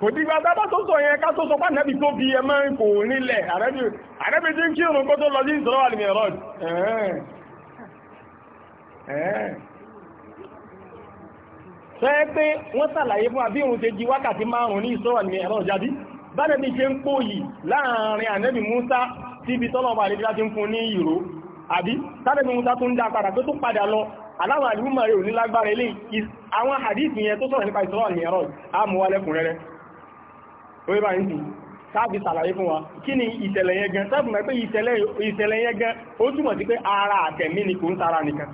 kò dìgbà dábà tó sọ yẹn ká tó sọ pàtàkì tó bí ẹ máa ń kò nílẹ̀ àrẹ́bí tí ń kí òun kó tó lọ sí ìṣòro àlùmẹ̀ rọ́d sọ́yẹ́ pé wọ́n sàlàyé fún àbí òun ṣe jí wákàtí márùn-ún ní ìṣòro àlùmẹ̀ rọ́d jáde bánẹ́bí ṣe ń pò yìí láàrin ànẹ́bí Musa síbi tọ́lọ̀bà àrídá ti ń fún ní ìró àbí tánẹ́bí Musa tó ń dá padà tó tó padà lọ aláwọ̀ àdúgbò rẹ̀ ò ní lágbára ilé àwọn àdíìsì yẹn tó sọ̀rọ̀ nípa ìṣòro àlùmẹ̀ rọ́d á mú orí bá ń sì sáàbì sàlàyé fún wa kí ni ìṣẹ̀lẹ̀ yẹn gan sáàbì mọ̀ pé ìṣẹ̀lẹ̀ yẹn gan ó túmọ̀ sí pé ara àtẹ̀mí ni kò ń sára nìkan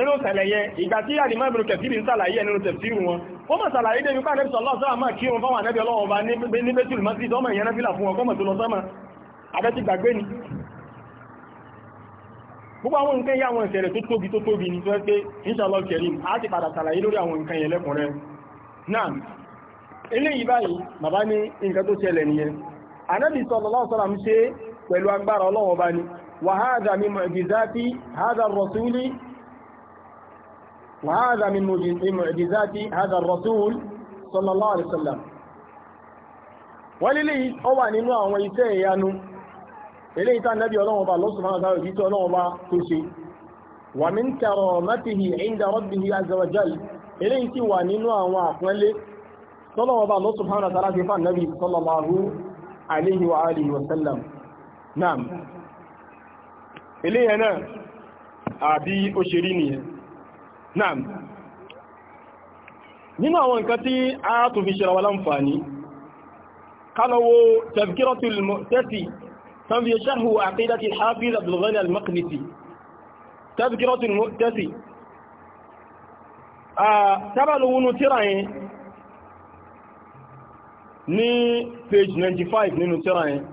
inú ṣẹlẹ̀ yẹn ìgbà tí àdìmọ́ ìbìrù kẹfìrì ń sàlàyé ẹnu tẹ̀síìrù wọn ó mọ̀ sàlàyé débi pé àdẹ́bìsọ̀ ọlọ́sọ́ àmà kí wọn fáwọn àdẹ́bì ọlọ́wọ́ bá ní bẹ́tùlù mọ́sí ìdánmọ̀ ìyẹn náà fílà fún wọn kọ́mọ̀ tó lọ sọ́mọ̀ abẹ́tí gbàgbé ni gbogbo àwọn nǹkan yá àwọn ìṣẹ̀lẹ̀ tó tóbi tó tóbi ní tó ẹ́ pé inshallah kerim a ti padà sàlàyé lórí àwọn nǹkan yẹn lẹ́kùnrin náà eléyìí báyìí bàbá ní nǹkan tó ṣẹlẹ̀ nìyẹn anábì sallallahu alaihi wasallam ṣe pẹ̀lú agbára ọlọ́wọ́ bá ní wa hadha min mu'jizati hadha ar-rasuli wa hadha min mu'jizati hadha ar-rasul sallallahu alaihi wasallam wọ́n lè eléyìí ti wà nínú àwọn àpọ́nlé tọ́lọ́wọ́ bá Allah subhanahu wa ta'ala fi fà nàbí sallallahu alayhi wa alihi wa sallam naam eléyìí náà àbí ó ṣe rí nìyẹn naam nínú àwọn nǹkan tí a tún fi ṣẹlọ́wọ́ tábàlù wúnú tíra yẹn ní page 95 nínú tíra yẹn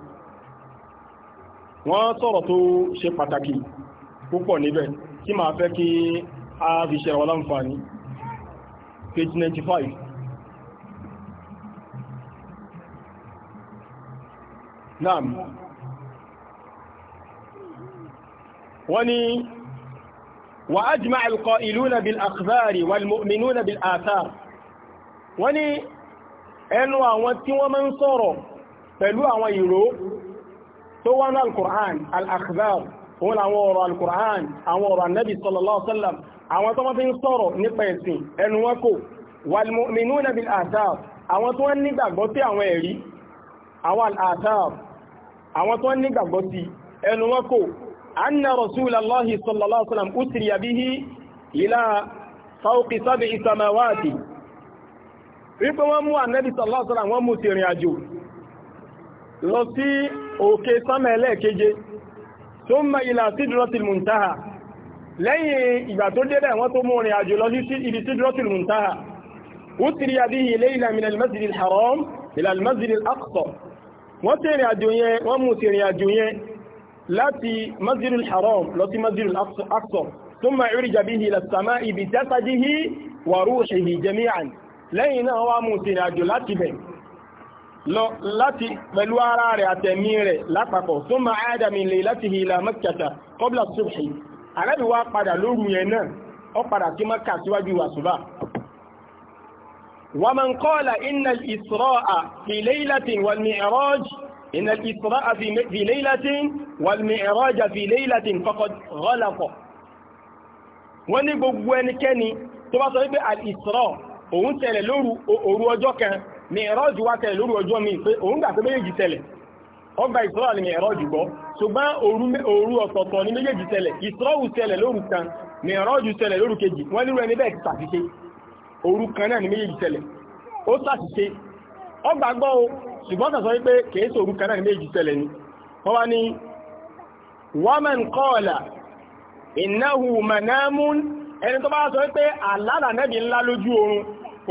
wọ́n sọ̀rọ̀ tó ṣe pàtàkì púpọ̀ níbẹ̀ tí máa fẹ́ kí a fi ṣe ọ̀lá ń fàní page 95 naam wọ́n ni وأجمع القائلون بالأخبار والمؤمنون بالآثار وني ẹnu àwọn tí wọ́n máa ń sọ̀rọ̀ pẹ̀lú àwọn ìró tó wá náà al-Qur'an al-akhbar wọn àwọn ọ̀rọ̀ al-Qur'an àwọn ọ̀rọ̀ annabi sallallahu alaihi wasallam àwọn tó wọ́n fi ń sọ̀rọ̀ nípa ẹ̀sìn ẹnu wọn kò wal-mu'minuna bil-athar àwọn tó wọ́n nígbàgbọ́ sí àwọn ẹ̀rí àwọn al-athar àwọn tó wọ́n nígbàgbọ́ sí ẹnu wọn kò anna rasulallahi sallallahu alaihi wasallam usriya bihi ila fawqi sab'i samawati wípé wọ́n mú ànẹ́bí sallallahu alaihi wasallam wọ́n mú ti rìn àjò lọ sí òkè sánmà ẹlẹ́ẹ̀keje thumma ila sidratil muntaha lẹ́yìn ìgbà tó débẹ̀ wọ́n tó mú rìn àjò lọ sí ibi sidratil muntaha usriya bihi layla min al-masjid al-haram ila al-masjid al-aqsa wọ́n ti àjò yẹn wọ́n mú ti àjò yẹn láti masjidul haram lọ sí masjidul aqsa thumma urija bihi ila as-sama'i bi jasadihi wa ruhihi jami'an lẹ́yìn náà wá mú sí ìrìnàjò láti bẹ̀ lọ láti pẹ̀lú ara rẹ̀ àtẹ̀mí rẹ̀ lápapọ̀ thumma 'ada min laylatihi ila makkata qabla subhi àrẹ́bí wá padà lóru yẹn náà ó padà sí mọ́kà síwájú àsùbá wa man qala inna israa fi laylatin wal mi'raj إن الإسراء في ليلة والمعراج في ليلة فقد غلط wọ́n ní gbogbo ẹnikẹ́ni tó bá sọ wípé al-Isra òun tẹ̀lẹ̀ lóru òru ọjọ́ kan Mi'raj wá tẹ̀lẹ̀ lóru ọjọ́ mi pé òun gbà pé méjèèjì tẹ̀lẹ̀ ọgbà Isra àti Mi'raj gbọ́ ṣùgbọ́n òru ọ̀tọ̀ọ̀tọ̀ ní méjèèjì tẹ̀lẹ̀ Isra ù tẹ̀lẹ̀ lóru kan Mi'raj tẹ̀lẹ̀ lóru kejì wọ́n nírú ẹni bẹ́ẹ̀ ti ṣàṣìṣe òru kan náà ní méjèèjì tẹ̀lẹ̀ ó ṣàṣìṣe ọ gbàgbọ́ o ṣùgbọ́n kàn sọ wípé kìí sòrú kan náà méjì tẹ̀lẹ̀ ni wọ́n wá ní waman qala innahu manamun ẹni tó bá sọ wípé àlá lànẹ́bì ńlá lójú oorun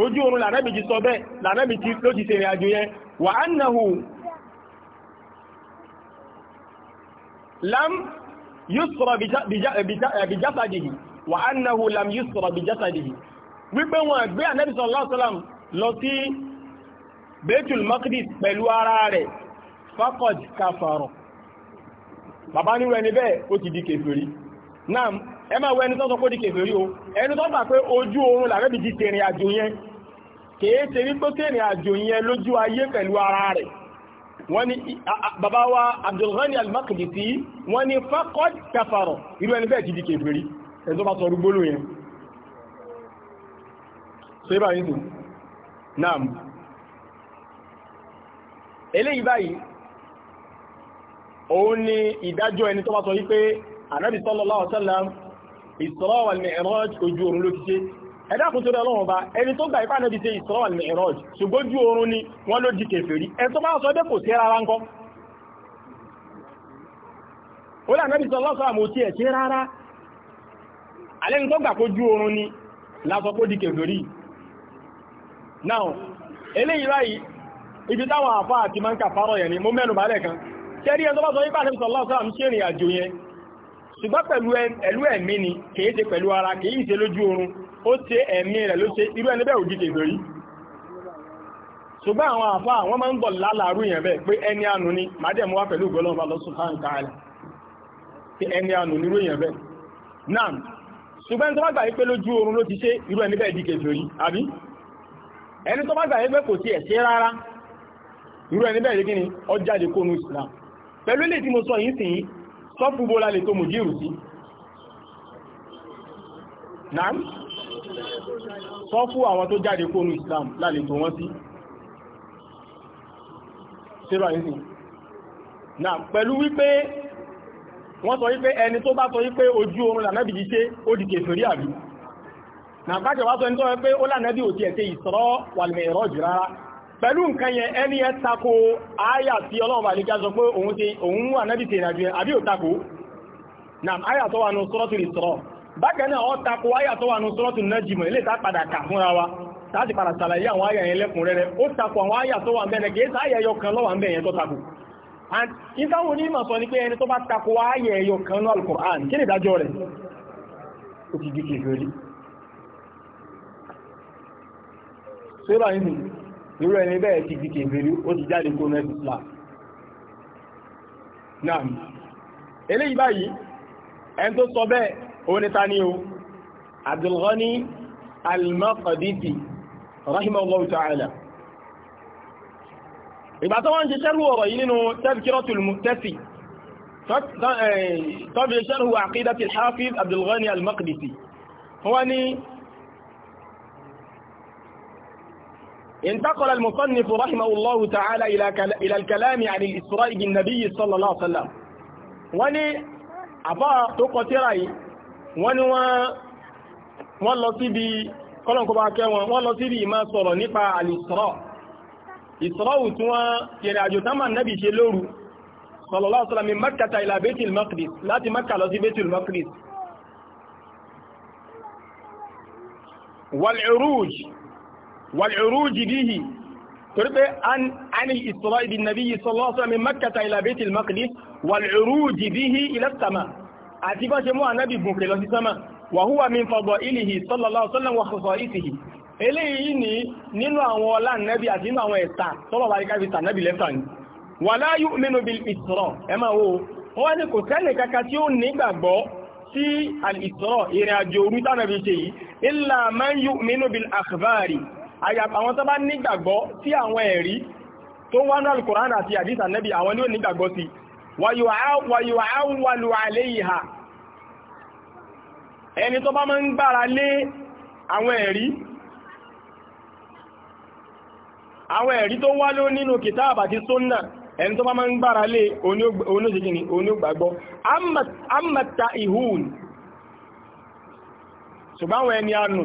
ojú oorun lànẹ́bì ti sọ bẹ́ẹ̀ lànẹ́bì ló ti ṣèrìn àjò yẹn wa annahu lam yusra bijasadihi wa annahu lam yusra bijasadihi wípé wọn gbé ànẹ́bì sallallahu alaihi lọ sí Baitul Maqdis pẹ̀lú ara rẹ̀ faqad kafara bàbá nírú ẹni bẹ́ẹ̀ o ti di kèfèrí náà ẹ máa wọ ẹni tó sọ pé di kèfèrí o ẹni tó gbà pé ojú oorun làrẹ́bì ti tẹ̀rìn àjò yẹn kìí ṣe wípé tẹ̀rìn àjò yẹn lójú ayé pẹ̀lú ara rẹ̀ wọ́n ní bàbá wa Abdul Ghani al-Maqdisi wọ́n ní faqad kafara irú ẹni bẹ́ẹ̀ ti di kèfèrí ẹni tó bá sọ rúgbóló yẹn. Ṣé báyìí nù? Náà eléyìí báyìí òun ni ìdájọ́ ẹni tó bá sọ wípé ànábì sallallahu alaihi wasallam Isra wal Mi'raj ojú oorun ló ti ṣe ẹ̀dá kò tó rẹ̀ ọlọ́run ọba ẹni tó gbà ipá ànábì ṣe Isra wal Mi'raj ṣùgbọ́n ojú oorun ni wọ́n ló di kèfèrí ẹni tó bá sọ bẹ́ẹ̀ kò sí rárá ńkọ́ ó lè ànábì sallallahu alaihi wasallam ò tiẹ̀ ṣe rárá alẹ́ ní tó gbà kójú oorun ni lásọ kó di kèfèrí now eléyìí báyìí ibi táwọn àfá àti máa ń kàfàrọ̀ yẹn ni mo mẹ́nu bàálẹ̀ kan kẹ́rí ẹ̀ tó bá sọ wípé àti sọ̀lá ọ̀sán àmì ṣèrìn àjò yẹn ṣùgbọ́n pẹ̀lú ẹ̀mí ni kìí ṣe pẹ̀lú ara kìí ṣe lójú oorun ó ṣe ẹ̀mí rẹ̀ ló ṣe irú ẹni bẹ́ẹ̀ òjìdè lórí ṣùgbọ́n àwọn àfá wọ́n máa ń bọ̀ lálàárú yẹn bẹ́ẹ̀ pé ẹni ànú ni má dẹ̀ mú wá pẹ̀lú ìgbọ́lọ́ọ̀bá ṣùgbọ́n tó bá gbà wípé lójú oorun ló ti ṣe irú ẹni bẹ́ẹ̀ di kèfèrí àbí ẹni tó bá gbà wípé kò tiẹ̀ ṣe rárá irú ẹni bẹ́ẹ̀ gíní ọ jáde kónú islam pẹ̀lú ilé tí mo sọ yìí sìn sọ́pù bó lálẹ́ tó mùdírù sí náà sọ́pù àwọn tó jáde kónú islam lálẹ́ tó wọ́n sí síra yìí sìn náà pẹ̀lú wípé wọ́n sọ wípé ẹni tó bá sọ wípé ojú oorun lànàbì jí ṣe ó di kèfèrí àbí nàbájẹ̀ wá sọ ẹni tó wípé ó lànàbì ò ti ẹ̀ pẹ̀lú nǹkan yẹn ẹni ẹ tako àyà tí ọlọ́run àlejò sọ pé òun ti òun wà nábì tèrè àjò àbí ò tako na àyà tó wà nù sọ́rọ́tù lè sọ́rọ́ bákan náà ọ tako àyà tó wà nù sọ́rọ́tù náà jìmọ̀ ilé ìta kà fúnra wa láti padà sàlàyé àwọn àyà tako tako irú ẹni bẹ́ẹ̀ ti di kèbèrè ó ti jáde kó mẹ́sì islam náà eléyìí báyìí ẹni tó sọ bẹ́ẹ̀ òun ni ta ni o Abdulghani al-Maqdisi rahimahullahu ta'ala ìgbà tó wọ́n ń ṣe ṣẹ́rù ọ̀rọ̀ yìí nínú tazkiratul mu'tafi eh, tọ́bí ṣẹ́rù aqidati hafiz Abdulghani al wọ́n ni انتقل المصنف رحمه الله تعالى إلى الكلام عن الإسراء بالنبي صلى الله عليه وسلم وني أبا تقتري ونوى والله سيبي kọ́lọ̀ kọba kẹwọn wọ́n lọ sí rí máa sọ̀rọ̀ nípa al-Isra Isra tí wọ́n yẹ̀rẹ̀ àjò tánmà nẹ́bì ṣe lóru sallallahu alaihi wasallam makkata ila Baitul Maqdis láti Makka lọ sí Baitul Maqdis wàlúrújì bíhì torí pé an ìsọ́rọ̀ ibi nàbí ìsọ́lọ́sọ́ mi makata ila baitil maqdis wàlúrújì bíhì ila sama àti bá ṣe mú ànábì gùnkè lọ sí sama wa huwa min fada'ilihi sallallahu alaihi wasallam wa khasa'isihi eléyìí ní nínú àwọn ọlá nàbí àti nínú àwọn ẹ̀ta tọ́lọ̀ bá rí káfí tà nàbí lẹ́fà ní wala yu'minu bil isra ẹ máa wo wọ́n ní kò sẹ́nì kankan tí ó nígbàgbọ́ sí al-isra ìrìn àjò orú tánàbí ṣe yìí illa man yu'minu bil akhbari àyàpá àwọn tó bá nígbàgbọ́ sí àwọn ẹ̀rí tó wá náà Al-Qur'an àti àdísà nẹ́bí àwọn ní ò nígbàgbọ́ sí wàyíwà áwọlù àlẹ́ ìhà ẹni tó bá máa ń gbára lé àwọn ẹ̀rí àwọn ẹ̀rí tó wá ló nínú kìtáàbà amata ihun ṣùgbọ́n àwọn ẹni anù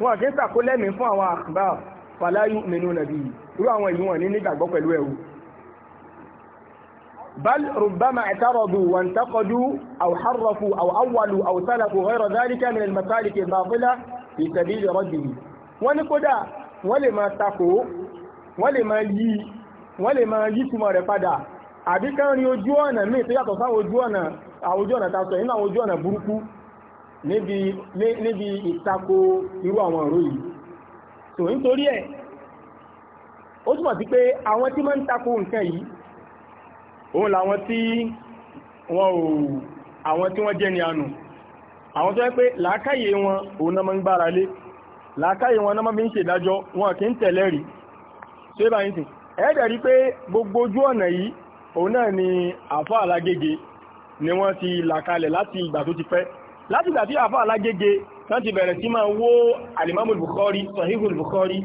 wọn kì í sàkólẹ́mí fún àwọn àkùbá fàláyù mẹ́nu nàbí irú àwọn ìlú wọn ní nígbàgbọ́ pẹ̀lú ẹ̀wù bal rubama ẹ̀tàrọ̀dù wọn takọ̀dù àwòhárọ̀fù àwòhárọ̀lù àwòsálàfù ọ̀rọ̀ dáríkà mẹ́rin masáàlìkì bàbílá ìtàbí ìrọ̀dì wọ́n ní kódà wọ́n lè máa takò wọ́n lè máa yí wọ́n lè máa yí túmọ̀ rẹ̀ padà àbí rí ojú ọ̀nà míì tó yàtọ̀ sáwọn ojú ọ̀nà àwọn ọ̀nà ta sọ níbi ìtako irú àwọn ọ̀rọ̀ yìí so nítorí ẹ̀ ó túnmọ̀ sí pé àwọn tí máa ń tako nǹkan yìí òun làwọn tí wọ́n ò àwọn tí wọ́n jẹ́ ni ànù àwọn tó yẹ pé làákàyè wọn òun náà máa ń gbára lé làákàyè wọn náà máa ń ṣe ìdájọ́ wọn kì í tẹ̀lé rí ṣé bá sìn ẹ̀ẹ́dẹ̀ rí pé gbogbo ojú ọ̀nà yìí òun náà ni àfọ́ àlágége ni wọ́n ti là kalẹ̀ láti ìgbà tó ti pẹ́ láti gbà tí àfá alágége tán ti bẹ̀rẹ̀ sí máa wó alimamul bukhari sahihul bukhari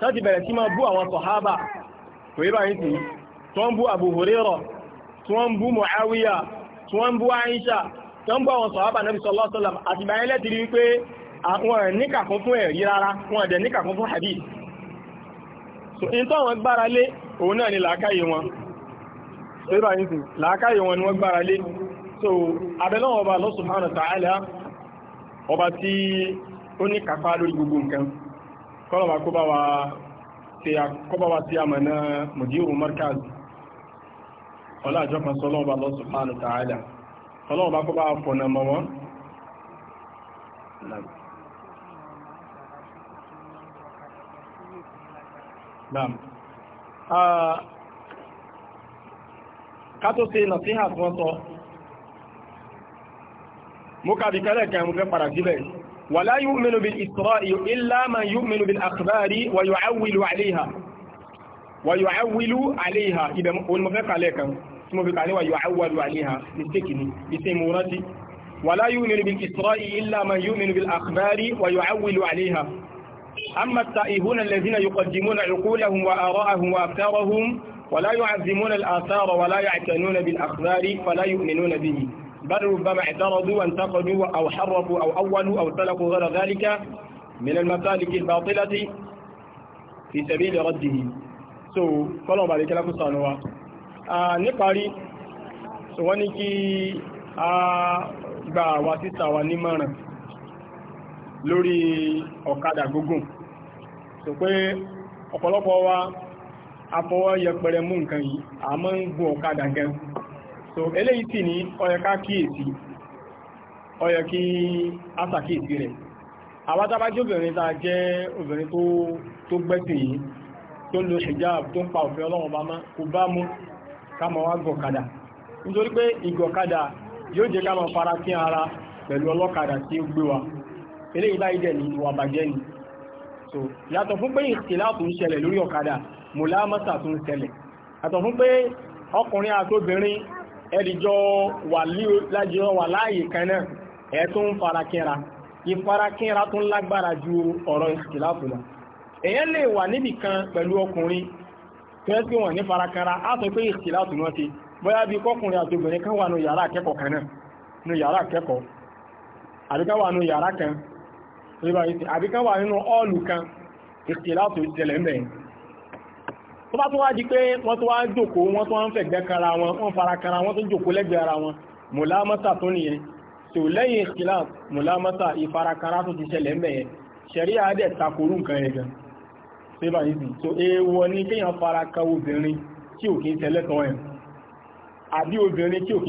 tán ti bẹ̀rẹ̀ sí máa bú àwọn sahaba kò yíba yìí sí tí bú abu hurairah tí bú muawiya tí wọ́n bú aisha tí wọ́n bú àwọn sahaba nabi sallallahu alaihi wasallam àti báyẹn lẹ́ti rí wípé àwọn níkàkún fún ẹ̀rí rárá wọn ẹ̀dẹ̀ níkàkún so in tó wọn ni làákàyè wọn so yíba yìí sí ni wọ́n so abẹ́lọ́wọ́ ọba Allah subhanahu wa ta'ala ọba tí ó ní kàfà lórí gbogbo nǹkan kọ́lọ̀wà kọ́bá wa tí a mọ̀ náà mùdírù markaz ọlájọ́ kan sọ lọ́wọ́ ọba Allah subhanahu wa ta'ala ọlọ́wọ́ bá kọ́bá fọ̀nà mọ́ wọn Naam. Ah, ká tó ṣe nàfíhà fún ọ́sọ́ mo kàbí kálẹ̀ kan mo fẹ́ padà síbẹ̀ wala yu'minu bil isra'i illa man yu'minu bil akhbari wa yu'awwilu 'alayha wa yu'awwilu 'alayha ibẹ̀ mo fẹ́ kálẹ̀ kan tí mo fi kàlẹ́ wa yu'awwilu 'alayha mistake ni iṣẹ́ mo rántí ولا يؤمن بالإسراء إلا من يؤمن بالأخبار ويعول عليها أما التائهون الذين يقدمون عقولهم وآراءهم وأفكارهم ولا يعزمون الآثار ولا يعتنون بالأخبار فلا يؤمنون به بل ربما اعترضوا وانتقدوا أو حرفوا أو أولوا أو تلقوا غير ذلك من المسالك الباطلة في سبيل رده so fọ́lọ̀ bàrí kí lákùsà ní wa níparí so wọ́n ní kí a gba wa síta lórí ọ̀kadà gúgùn so pé ọ̀pọ̀lọpọ̀ wa afọwọ́ yẹpẹrẹ mú nǹkan yìí a mọ́ ń gún ọ̀kadà gẹn so eléyìí sì ní ọyẹ kíyèsí ọyẹ kí a rẹ̀ àwọn tá obìnrin tá jẹ́ obìnrin tó gbẹ́sìn yìí tó lo hijab tó ń pa òfin ọlọ́run bá kò bá mú ká wá gọ̀kadà nítorí pé ìgọ̀kadà yóò jẹ́ ká fara ara pẹ̀lú ọlọ́kadà tí ó gbé wa eléyìí báyìí dẹ̀ ní ìwà bàjẹ́ ni so yàtọ̀ fún pé ń ṣẹlẹ̀ ẹ̀rìjọ wà láàyè kan náà ẹ̀ tó ń farakínra ìfarakínra tó ń lágbára ju ọ̀rọ̀ ìsìláàfù lọ èyàn lè wà níbì kan pẹ̀lú ọkùnrin tó ẹ́ sí wọn ní farakínra á sọ pé ìsìláàfù náà ti bóyá bí kọkùnrin àti obìnrin kan wà nù yàrá akẹ́kọ̀ọ́ kan náà nù yàrá akẹ́kọ̀ọ́ tó bá tún wá di pé wọ́n tó wá ń jòkó wọ́n tó wá ń fẹ̀gbẹ́ kanra wọn wọ́n fara kanra wọn tó jòkó lẹ́gbẹ̀ẹ́ ara wọn mùlámọ́sà tó nìyẹn tó lẹ́yìn ìkìlá mùlámọ́sà ìfarakanra tó ti ṣẹlẹ̀ mẹ́yẹn ṣẹ̀rí àádẹ́ takorú nǹkan yẹn gan ṣé bá yìí tó èèwọ̀ ni kéèyàn fara kan obìnrin tí ò kí ń tẹ́lẹ́tọ̀ ẹ̀ àbí obìnrin tí ò tó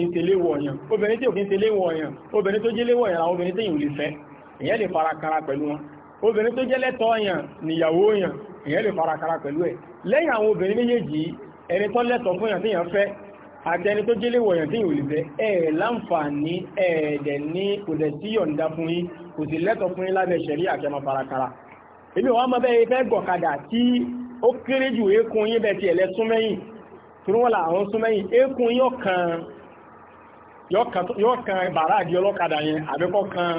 jẹ́ léwọ̀ yẹn nìyàwó yẹn èèyàn lè fara kanra pẹ̀lú ẹ̀ lẹ́yìn àwọn obìnrin méjèèjì ẹni tó lẹ́tọ̀ọ́ fún yàn tí yàn fẹ́ àti ẹni tó jẹ́lé wọ̀nyàn tí yàn ò lè fẹ́ ẹ̀ láǹfààní ẹ̀ẹ̀dẹ̀ ní kò dẹ̀ sí yọ̀ǹda fún yín kò sì lẹ́tọ̀ọ́ fún yín lábẹ́ ṣẹ̀rí àkẹ́mọ̀ farakara èmi wọn mọ bẹ́ẹ̀ fẹ́ gọ̀kadà tí ó kéré jù eékún yín bẹ́ẹ̀ tiẹ̀ lẹ súnmẹ́yìn tí wọ́n là àwọn súnmẹ́yìn eékún yín ọ̀kan yóò kan bàrá àdí ọlọ́kadà yẹn àbẹ́kọ́ kan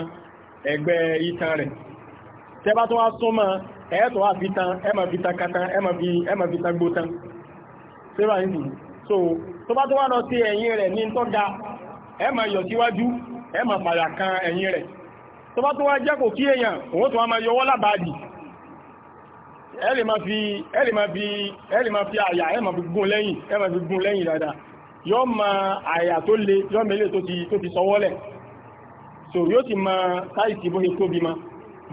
ẹgbẹ́ itan rẹ̀ tẹ́ bá tó wá súnmọ́ ẹ̀ẹ́tọ̀ wá fi tan ẹmà fi tan katan ẹmà fi tan gbó tan síbà ní so tó bá tó wá lọ sí ẹ̀yìn rẹ̀ ní tọ́ ga ẹmà yọ síwájú ẹmà padà kan ẹ̀yìn rẹ̀ tó bá tó wá jẹ́ kò kí èèyàn òun tó wá máa yọwọ́ lábàádì ẹ lè máa fi ẹ lè máa fi àyà ẹ fi gún lẹ́yìn dáadáa so yóò ti ma táìsì bó ṣe tóbi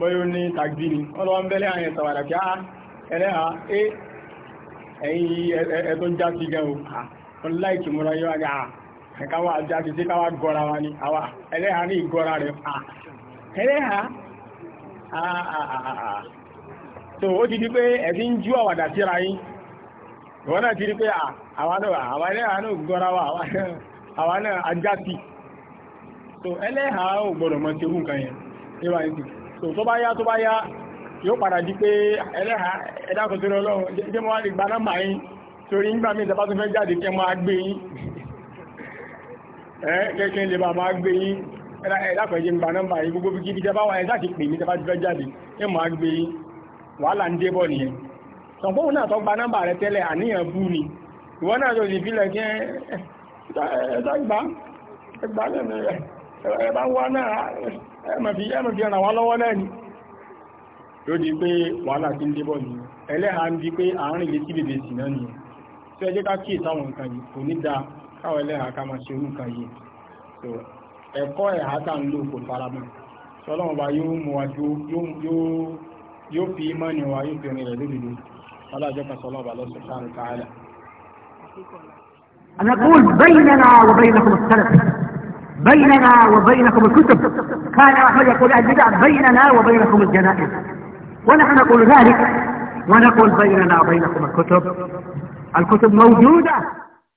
bọ́yọ́ ní tàgbí ni ọlọ́wọ́n bẹ́lẹ̀ àwọn ẹ̀sọ̀ wàdà kí á ẹlẹ́ha é ẹ̀yìn ẹ̀tọ́ já sí gan o láìkì múra yóò àgá ẹ̀káwà já sí sí káwà gọ́ra ni àwà ẹlẹ́ha ní ìgọ́ra rẹ̀ ẹlẹ́ha so ó ti di pé ẹ̀fí ń jú àwàdà síra yín ìwọ́n náà ti di pé so ẹlẹ́ha ò gbọ́dọ̀ mọ́ ti rú yẹn níwáyé sí so tó bá yá tó bá yá yóò padà di pé ẹlẹ́ha ẹ̀dàkùn tó lọ́rùn jẹ́ mọ́ lè gba nọ́mbà yín torí ń gbà mí ìjọba tó fẹ́ jáde kẹ́ máa gbé yín ẹ́ kẹ́kẹ́ lè bá máa gbé yín ẹ̀dàkùn ẹ̀jẹ̀ ń gba nọ́mbà yín gbogbo gidi jẹ́ bá wà ẹ̀dà ti pè mí ìjọba tó fẹ́ jáde kẹ́ máa gbé yín wàhálà ń débọ̀ nìyẹn sọ̀pọ̀hún náà tó gba nọ́mbà rẹ ẹ̀mọ̀fí ẹ̀mọ̀fí ara wa lọ́wọ́ náà ni ló di pé wàhálà ti ń débọ̀ ni ẹlẹ́ha ń di pé àárín ilé tí bèbè náà ni tí ẹ ká kíyè ni da káwọn ẹlẹ́ha ká máa ṣe orú nǹkan yìí so ẹ̀kọ́ ẹ̀há tá ń lò kò faramọ́ sọlọ́run yóò mú wa yóò fi mọ́ ni wa yóò fi rìn rẹ̀ ọlọ́jọ́ kan lọ́sọ̀ أنا أقول بيننا وبينكم السلف بيننا وبينكم الكتب كان أحمد يقول أهل البدع بيننا وبينكم الجنائز ونحن نقول ذلك ونقول بيننا وبينكم الكتب الكتب موجودة